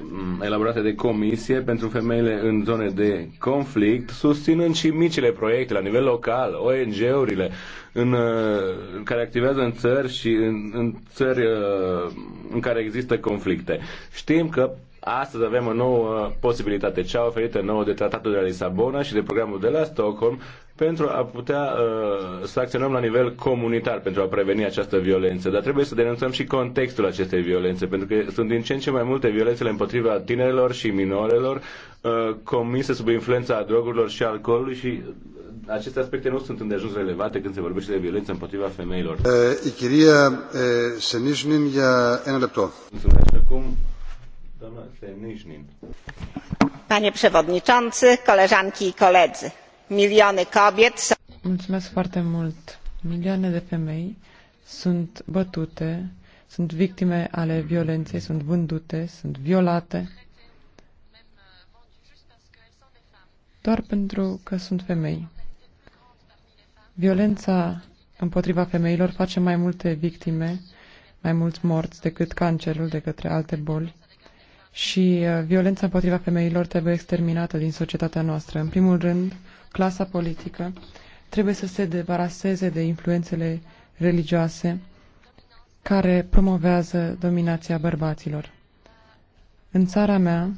Speaker 6: Mm, elaborate de comisie pentru femeile în zone de conflict, susținând și micile proiecte la nivel local, ONG-urile, în, uh, care activează în țări și în, în țări uh, în care există conflicte. Știm că Astăzi avem o nouă posibilitate, cea oferită nouă de Tratatul de la Lisabona și de programul de la Stockholm, pentru a putea uh, să acționăm la nivel comunitar pentru a preveni această violență. Dar trebuie să denunțăm și contextul acestei violențe, pentru că sunt din ce în ce mai multe violențele împotriva tinerilor și minorelor uh, comise sub influența drogurilor și alcoolului și aceste aspecte nu sunt îndeajuns relevate când se vorbește de violență împotriva femeilor.
Speaker 7: Uh, Ichiria uh, Senishnin, ia Mulțumesc
Speaker 6: acum. Doamna Semnișnin.
Speaker 7: Panie
Speaker 1: przewodniczący, koleżanki i koledzy. Miliony kobiet są...
Speaker 4: Mulțumesc foarte mult. Milioane de femei sunt bătute, sunt victime ale violenței, sunt vândute, sunt violate. Doar pentru că sunt femei. Violența împotriva femeilor face mai multe victime, mai mulți morți decât cancerul, de către alte boli și uh, violența împotriva femeilor trebuie exterminată din societatea noastră. În primul rând, clasa politică trebuie să se debaraseze de influențele religioase care promovează dominația bărbaților. În țara mea,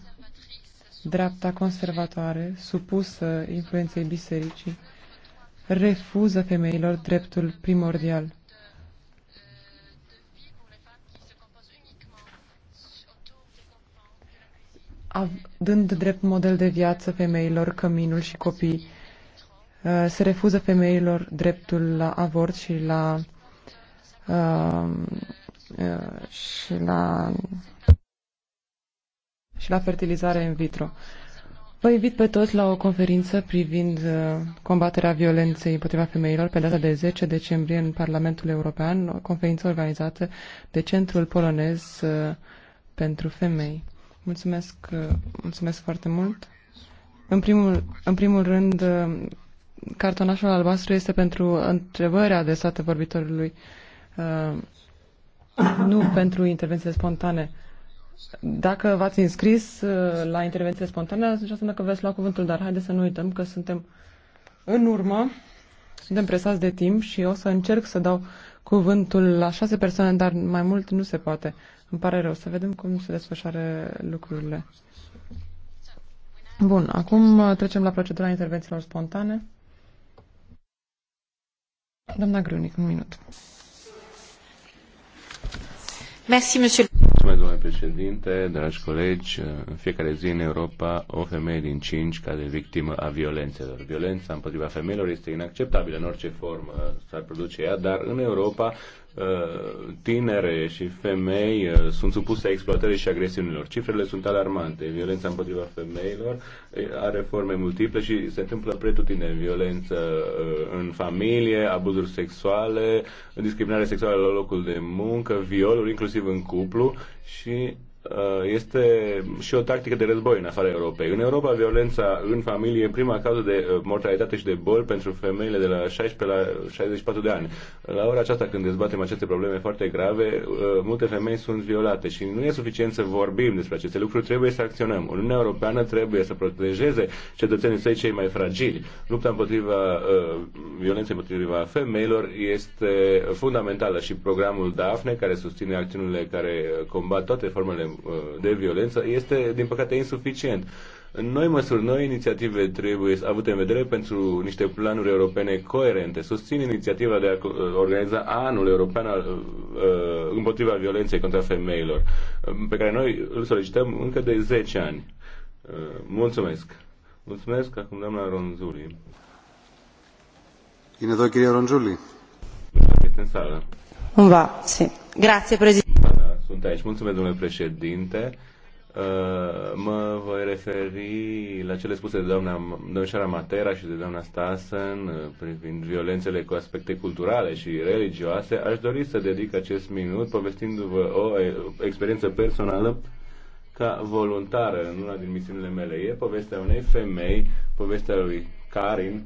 Speaker 4: dreapta conservatoare, supusă influenței bisericii, refuză femeilor dreptul primordial – dând drept model de viață femeilor căminul și copii. Uh, se refuză femeilor dreptul la avort și la uh, uh, și la și la fertilizare in vitro. Vă invit pe toți la o conferință privind combaterea violenței împotriva femeilor pe data de 10 decembrie în Parlamentul European, o conferință organizată de Centrul Polonez pentru Femei. Mulțumesc, uh, mulțumesc foarte mult. În primul, în primul rând, uh, cartonașul albastru este pentru întrebări adresate vorbitorului, uh, nu pentru intervenții spontane. Dacă v-ați înscris la intervenții spontane, atunci înseamnă că veți lua cuvântul, dar haideți să nu uităm că suntem în urmă, suntem presați de timp și o să încerc să dau cuvântul la șase persoane, dar mai mult nu se poate. Îmi pare rău să vedem cum se desfășoară lucrurile. Bun, acum trecem la procedura intervențiilor spontane. Doamna Grunic, un minut. Merci,
Speaker 5: monsieur.
Speaker 6: Mulțumesc, domnule președinte, dragi colegi. În fiecare zi în Europa, o femeie din cinci cade victimă a violențelor. Violența împotriva femeilor este inacceptabilă în orice formă s-ar produce ea, dar în Europa Uh, tinere și femei uh, sunt supuse exploatării și agresiunilor. Cifrele sunt alarmante. Violența împotriva femeilor uh, are forme multiple și se întâmplă pretutindeni. Violență în familie, abuzuri sexuale, discriminare sexuală la locul de muncă, violuri, inclusiv în cuplu și Uh, este și o tactică de război în afara Europei. În Europa, violența în familie e prima cauză de uh, mortalitate și de boli pentru femeile de la 16 la 64 de ani. La ora aceasta, când dezbatem aceste probleme foarte grave, uh, multe femei sunt violate și nu e suficient să vorbim despre aceste lucruri, trebuie să acționăm. Uniunea Europeană trebuie să protejeze cetățenii săi cei mai fragili. Lupta împotriva violenței împotriva femeilor este fundamentală și programul DAFNE, care susține acțiunile care combat toate formele Uh, de violență este, din păcate, insuficient. Noi măsuri, noi inițiative trebuie avute în vedere pentru niște planuri europene coerente. Susțin inițiativa de a uh, organiza anul european al, uh, împotriva violenței contra femeilor, pe care noi îl solicităm încă de 10 ani. Mulțumesc! Mulțumesc, acum doamna Ronzuli. Είναι εδώ ronzuli? Este în sală.
Speaker 3: Va, sì. Grazie, președinte
Speaker 6: sunt aici. Mulțumesc, domnule președinte. Uh, mă voi referi la cele spuse de doamna domnișoara Matera și de doamna Stassen uh, privind violențele cu aspecte culturale și religioase. Aș dori să dedic acest minut povestindu-vă o uh, experiență personală ca voluntară în una din misiunile mele. E povestea unei femei, povestea lui Karin,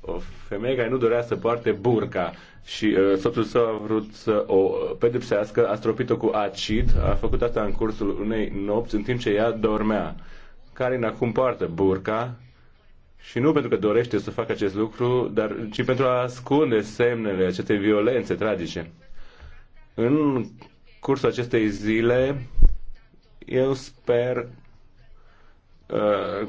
Speaker 6: o femeie care nu dorea să poarte burca și uh, soțul său a vrut să o pedepsească, a stropit-o cu acid, a făcut asta în cursul unei nopți, în timp ce ea dormea. Karin acum poartă burca și nu pentru că dorește să facă acest lucru, dar ci pentru a ascunde semnele acestei violențe tragice. În cursul acestei zile, eu sper Uh,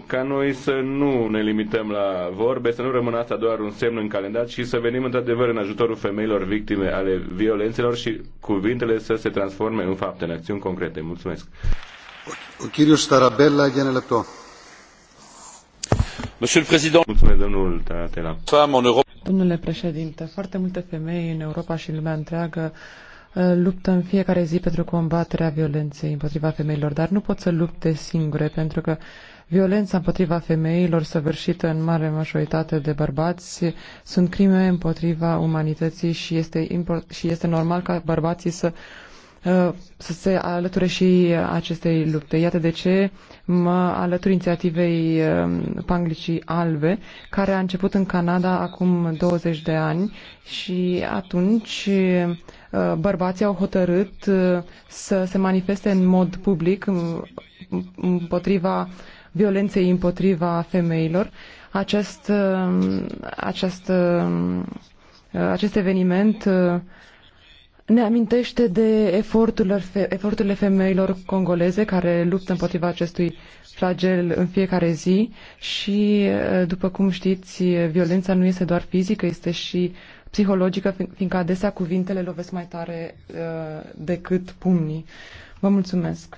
Speaker 6: ca noi să nu ne limităm la vorbe, să nu rămână asta doar un semn în calendar, ci să venim într-adevăr în ajutorul femeilor victime ale violențelor și cuvintele să se transforme în fapte, în acțiuni concrete. Mulțumesc. Mulțumesc,
Speaker 4: Domnule președinte, foarte multe femei în Europa și în lumea întreagă uh, luptă în fiecare zi pentru combaterea violenței împotriva femeilor, dar nu pot să lupte singure pentru că Violența împotriva femeilor săvârșită în mare majoritate de bărbați sunt crime împotriva umanității și este, import, și este normal ca bărbații să uh, să se alăture și acestei lupte. Iată de ce mă alătur inițiativei uh, Panglicii Albe, care a început în Canada acum 20 de ani și atunci uh, bărbații au hotărât să se manifeste în mod public împotriva violenței împotriva femeilor. Acest, um, acest, um, acest eveniment uh, ne amintește de eforturile, eforturile femeilor congoleze care luptă împotriva acestui flagel în fiecare zi și, uh, după cum știți, violența nu este doar fizică, este și psihologică, fiindcă adesea cuvintele lovesc mai tare uh, decât pumnii. Vă mulțumesc!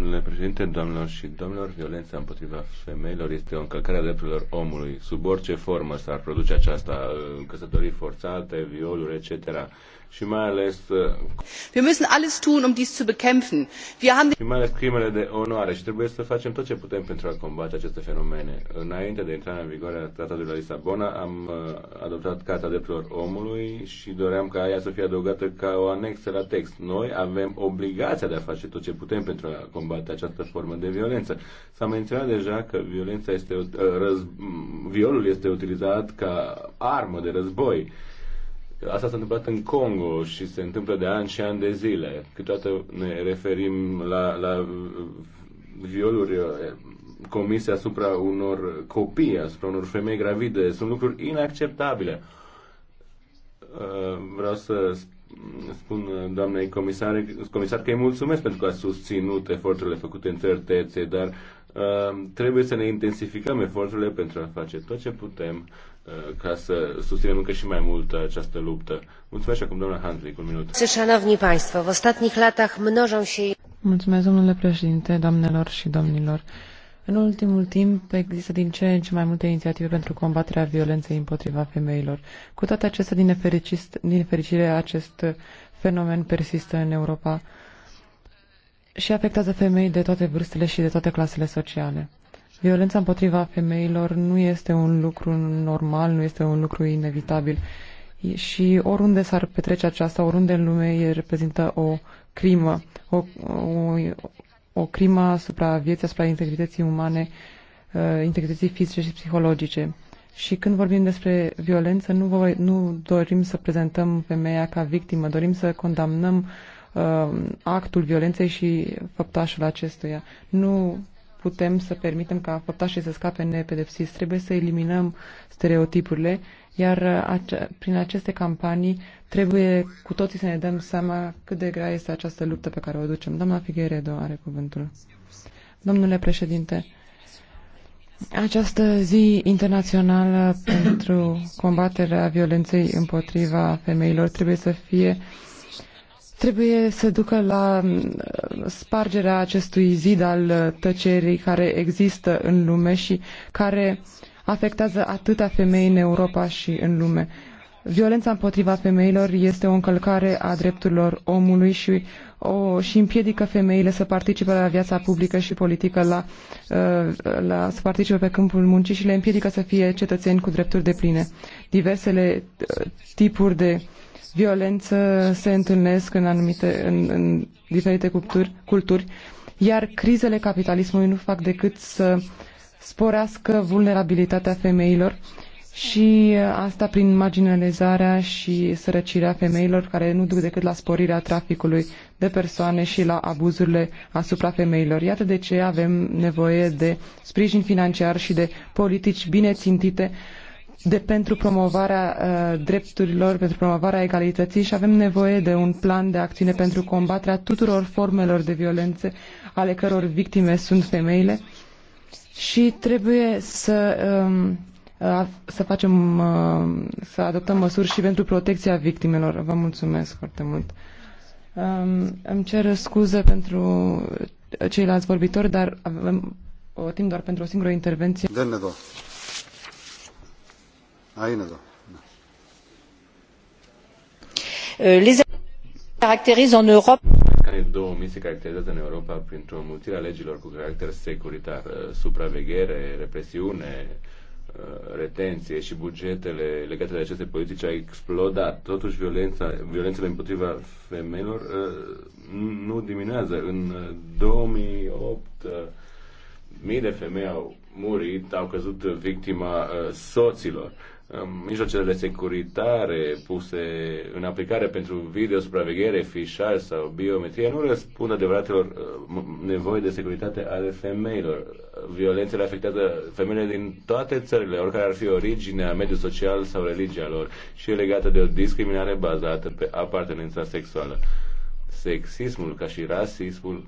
Speaker 7: domnule președinte, doamnelor și domnilor, violența
Speaker 6: împotriva femeilor este o încălcare a drepturilor omului. Sub orice formă s-ar produce aceasta, căsătorii forțate, violuri, etc și mai uh,
Speaker 7: Wir müssen
Speaker 2: alles tun, um dies zu bekämpfen. Wir
Speaker 6: haben și mai ales crimele de onoare și trebuie să facem tot ce putem pentru a combate aceste fenomene. Înainte de intrarea în vigoare a Tratatului de la Lisabona, am uh, adoptat Carta Drepturilor Omului și doream ca ea să fie adăugată ca o anexă la text. Noi avem obligația de a face tot ce putem pentru a combate această formă de violență. S-a menționat deja că violența este, uh, răz, violul este utilizat ca armă de război Asta s-a întâmplat în Congo și se întâmplă de ani și ani de zile. Câteodată ne referim la, la violuri uh, comise asupra unor copii, asupra unor femei gravide. Sunt lucruri inacceptabile. Uh, vreau să spun doamnei comisar, comisar că îi mulțumesc pentru că a susținut eforturile făcute în țări terțe, dar Ehm, trebuie să ne intensificăm eforturile pentru a face tot ce putem eh, ca să susținem încă și mai mult această luptă. Mulțumesc acum, doamna Handlik, un minut.
Speaker 3: Państwo, w ostatnich latach mnożą się...
Speaker 4: Mulțumesc, domnule președinte, doamnelor și domnilor. În ultimul timp există din ce în ce mai multe inițiative pentru combaterea violenței împotriva femeilor. Cu toate acestea, din, din fericire, acest fenomen persistă în Europa și afectează femei de toate vârstele și de toate clasele sociale. Violența împotriva femeilor nu este un lucru normal, nu este un lucru inevitabil și oriunde s-ar petrece aceasta, oriunde în lume, reprezintă o crimă, o, o, o crimă asupra vieții, asupra integrității umane, uh, integrității fizice și psihologice. Și când vorbim despre violență, nu, vă, nu dorim să prezentăm femeia ca victimă, dorim să condamnăm uh, actul violenței și făptașul acestuia. Nu putem să permitem ca făptașii să scape nepedepsiți. Trebuie să eliminăm stereotipurile, iar uh, ace- prin aceste campanii trebuie cu toții să ne dăm seama cât de grea este această luptă pe care o ducem. Doamna Figueredo are cuvântul. Domnule președinte, această zi internațională pentru combaterea violenței împotriva femeilor trebuie să fie uh, trebuie să ducă la mm, spargerea acestui zid al uh, tăcerii care există în lume și care afectează atâtea femei în Europa și în lume. Violența împotriva femeilor este o încălcare a drepturilor omului și, o, și împiedică femeile să participe la viața publică și politică, la, uh, la, să participe pe câmpul muncii și le împiedică să fie cetățeni cu drepturi de pline. Diversele uh, tipuri de uh, violență se întâlnesc în anumite, în, în diferite culturi, culturi, iar crizele capitalismului nu fac decât să sporească vulnerabilitatea femeilor și asta prin marginalizarea și sărăcirea femeilor care nu duc decât la sporirea traficului de persoane și la abuzurile asupra femeilor. Iată de ce avem nevoie de sprijin financiar și de politici bine țintite de pentru promovarea uh, drepturilor, pentru promovarea egalității și avem nevoie de un plan de acțiune pentru combaterea tuturor formelor de violențe ale căror victime sunt femeile și trebuie să, um, uh, să facem, uh, să adoptăm măsuri și pentru protecția victimelor. Vă mulțumesc foarte mult. Um, îmi cer scuze pentru ceilalți vorbitori, dar avem o timp doar pentru o singură intervenție. Dă-ne,
Speaker 7: doar. Da. Da.
Speaker 4: Uh, les caractérisent en Europe
Speaker 6: se caracterizează în Europa printr-o mulțire a legilor cu caracter securitar, uh, supraveghere, represiune, uh, retenție și bugetele legate de aceste politici au explodat. Totuși, violența, violențele împotriva femeilor nu diminuează. În 2008, mii de femei au murit, au căzut victima soților mijloacele de securitare puse în aplicare pentru video, supraveghere, fișaj sau biometrie nu răspund adevăratelor uh, nevoi de securitate ale femeilor. Violențele afectează femeile din toate țările, oricare ar fi originea, mediul social sau religia lor și e legată de o discriminare bazată pe apartenența sexuală. Sexismul, ca și rasismul,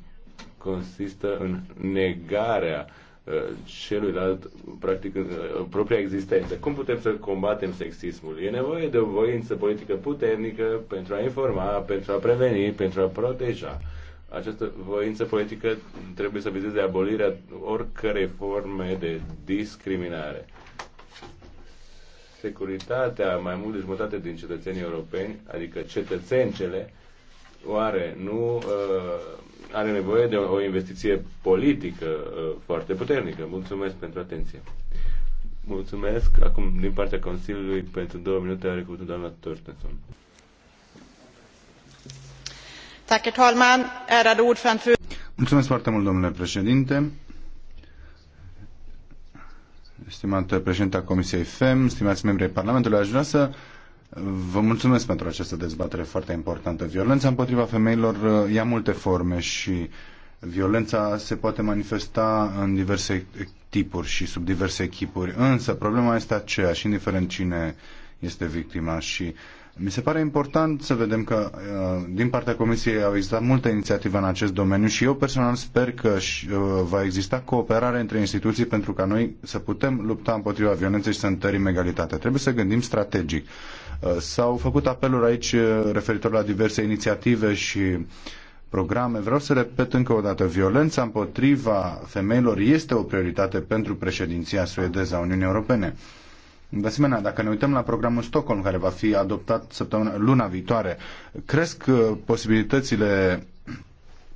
Speaker 6: consistă în negarea uh, Uh, celuilalt, practic, în uh, propria existență. Cum putem să combatem sexismul? E nevoie de o voință politică puternică pentru a informa, pentru a preveni, pentru a proteja. Această voință politică trebuie să vizeze abolirea oricărei forme de discriminare. Securitatea mai mult de jumătate din cetățenii europeni, adică cetățencele, Oare nu uh, are nevoie de o, investiție politică uh, foarte puternică? Mulțumesc pentru atenție. Mulțumesc. Acum, din partea Consiliului, pentru două minute are cuvântul doamna Torstenson.
Speaker 7: Mulțumesc foarte mult, domnule președinte. Stimată președinta Comisiei FEM, stimați membrii Parlamentului, aș vrea să Vă mulțumesc pentru această dezbatere foarte importantă. Violența împotriva femeilor uh, ia multe forme și violența se poate manifesta în diverse tipuri și sub diverse echipuri, însă problema este aceeași, indiferent cine este victima și mi se pare important să vedem că uh, din partea Comisiei au existat multe inițiative în acest domeniu și eu personal sper că uh, va exista cooperare între instituții pentru ca noi să putem lupta împotriva violenței și să întărim egalitatea. Trebuie să gândim strategic. Uh, s-au făcut apeluri aici uh, referitor la diverse inițiative și programe. Vreau să repet încă o dată, violența împotriva femeilor este o prioritate pentru președinția suedeză a Uniunii Europene. De asemenea, dacă ne uităm la programul Stockholm, care va fi adoptat săptămâna, luna viitoare, cresc uh, posibilitățile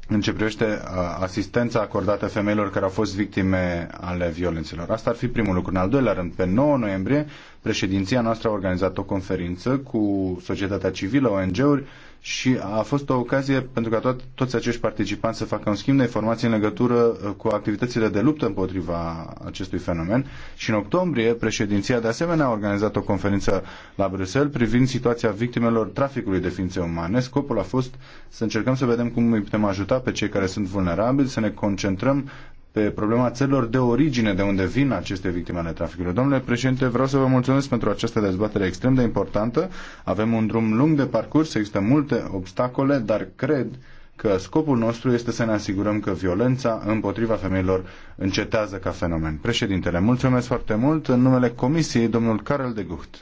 Speaker 7: în ce privește uh, asistența acordată femeilor care au fost victime ale violențelor. Asta ar fi primul lucru. În al doilea rând, pe 9 noiembrie, președinția noastră a organizat o conferință cu societatea civilă, ONG-uri, și a fost o ocazie pentru ca to- toți acești participanți să facă un schimb de informații în legătură uh, cu activitățile de luptă împotriva acestui fenomen și în octombrie președinția de asemenea a organizat o conferință la Bruxelles privind situația victimelor traficului de ființe umane. Scopul a fost să încercăm să vedem cum îi putem ajuta pe cei care sunt vulnerabili, să ne concentrăm pe problema țărilor de origine de unde vin aceste victime ale traficului. Domnule președinte, vreau să vă mulțumesc pentru această dezbatere extrem de importantă. Avem un drum lung de parcurs, există multe obstacole, dar cred că scopul nostru este să ne asigurăm că violența împotriva femeilor încetează ca fenomen. Președintele, mulțumesc foarte mult. În numele Comisiei, domnul Karel de Gucht.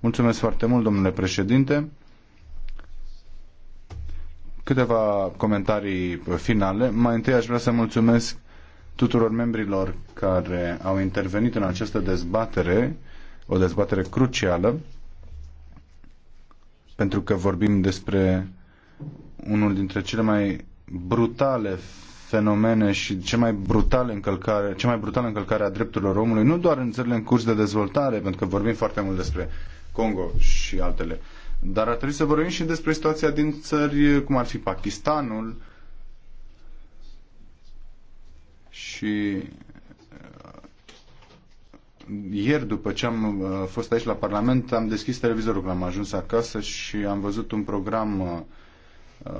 Speaker 7: Mulțumesc foarte mult, domnule președinte. Câteva comentarii finale. Mai întâi aș vrea să mulțumesc tuturor membrilor care au intervenit în această dezbatere, o dezbatere crucială, pentru că vorbim despre unul dintre cele mai brutale fenomene și cea mai brutală încălcare, cea mai brutală încălcare a drepturilor omului, nu doar în țările în curs de dezvoltare, pentru că vorbim foarte mult despre Congo și altele, dar ar trebui să vorbim și despre situația din țări cum ar fi Pakistanul, și uh, ieri după ce am uh, fost aici la Parlament am deschis televizorul când am ajuns acasă și am văzut un program uh,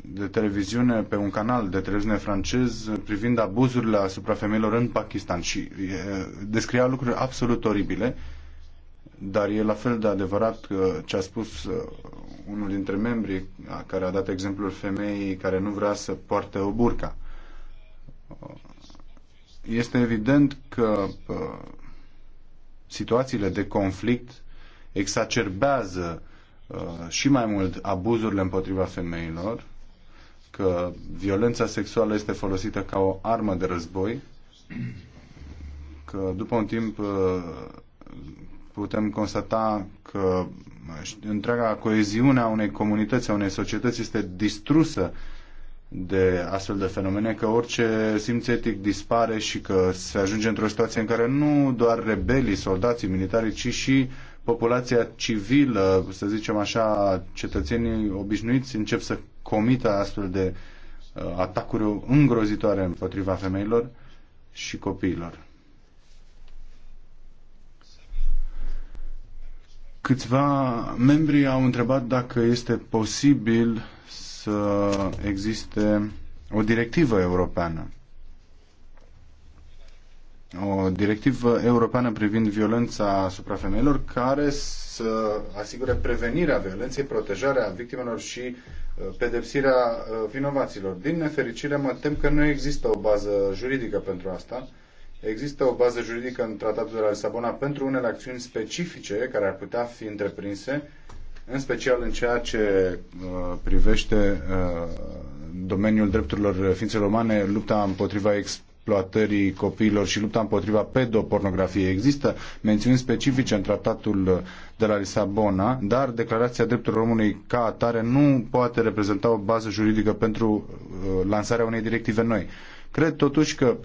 Speaker 7: de televiziune pe un canal de televiziune francez privind abuzurile asupra femeilor în Pakistan și descria lucruri absolut oribile dar e la fel de adevărat că ce a spus unul dintre membrii care a dat exemplul femeii care nu vrea să poarte o burca. Este evident că uh, situațiile de conflict exacerbează uh, și mai mult abuzurile împotriva femeilor, că violența sexuală este folosită ca o armă de război, că după un timp uh, putem constata că întreaga coeziune a unei comunități, a unei societăți este distrusă de astfel de fenomene, că orice simț etic dispare și că se ajunge într-o situație în care nu doar rebelii, soldații, militari, ci și populația civilă, să zicem așa, cetățenii obișnuiți încep să comită astfel de uh, atacuri îngrozitoare împotriva femeilor și copiilor. Câțiva membri au întrebat dacă este posibil să existe o directivă europeană. O directivă europeană privind violența asupra femeilor care să asigure prevenirea violenței, protejarea victimelor și uh, pedepsirea uh, vinovaților. Din nefericire, mă tem că nu există o bază juridică pentru asta. Există o bază juridică în Tratatul de la Lisabona pentru unele acțiuni specifice care ar putea fi întreprinse în special în ceea ce uh, privește uh, domeniul drepturilor ființelor umane, lupta împotriva exploatării copiilor și lupta împotriva pedopornografiei. Există mențiuni specifice în tratatul de la Lisabona, dar declarația drepturilor omului ca atare nu poate reprezenta o bază juridică pentru uh, lansarea unei directive noi. Cred totuși că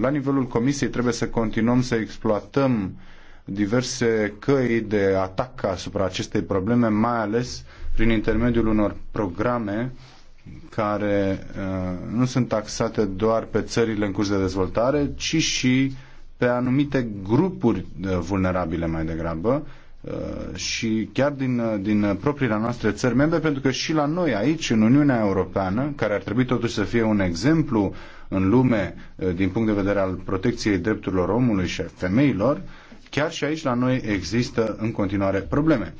Speaker 7: la nivelul Comisiei trebuie să continuăm să exploatăm uh, diverse căi de atac asupra acestei probleme, mai ales prin intermediul unor programe care uh, nu sunt taxate doar pe țările în curs de dezvoltare, ci și pe anumite grupuri uh, vulnerabile mai degrabă uh, și chiar din, din propriile noastre țări membre, pentru că și la noi aici, în Uniunea Europeană, care ar trebui totuși să fie un exemplu în lume din punct de vedere al protecției drepturilor omului și a femeilor, uh, Chiar și aici la noi există în continuare probleme.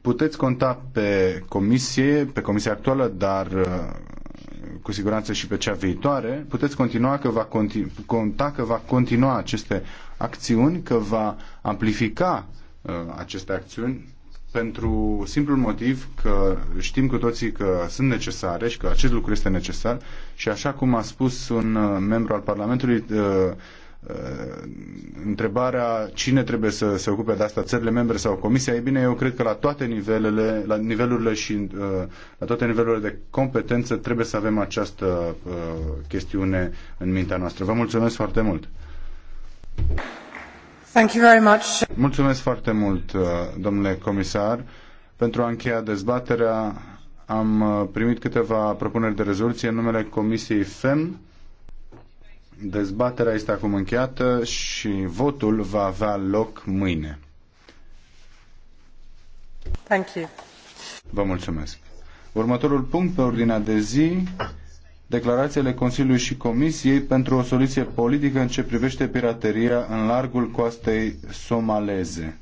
Speaker 7: Puteți conta pe comisie, pe comisia actuală, dar uh, cu siguranță și pe cea viitoare, puteți continua că va continu, conta că va continua aceste acțiuni, că va amplifica uh, aceste acțiuni pentru simplul motiv că știm cu toții că sunt necesare și că acest lucru este necesar și așa cum a spus un uh, membru al Parlamentului, uh, Uh, întrebarea cine trebuie să se ocupe de asta, țările membre sau Comisia, e bine, eu cred că la toate nivelele, la nivelurile și uh, la toate nivelurile de competență trebuie să avem această uh, chestiune în mintea noastră. Vă mulțumesc foarte mult! Thank you very much. Mulțumesc foarte mult, domnule comisar. Pentru a încheia dezbaterea, am primit câteva propuneri de rezoluție în numele Comisiei FEM Dezbaterea este acum încheiată și votul va avea loc mâine. Thank you. Vă mulțumesc. Următorul punct pe ordinea de zi, declarațiile Consiliului și Comisiei pentru o soluție politică în ce privește pirateria în largul coastei somaleze.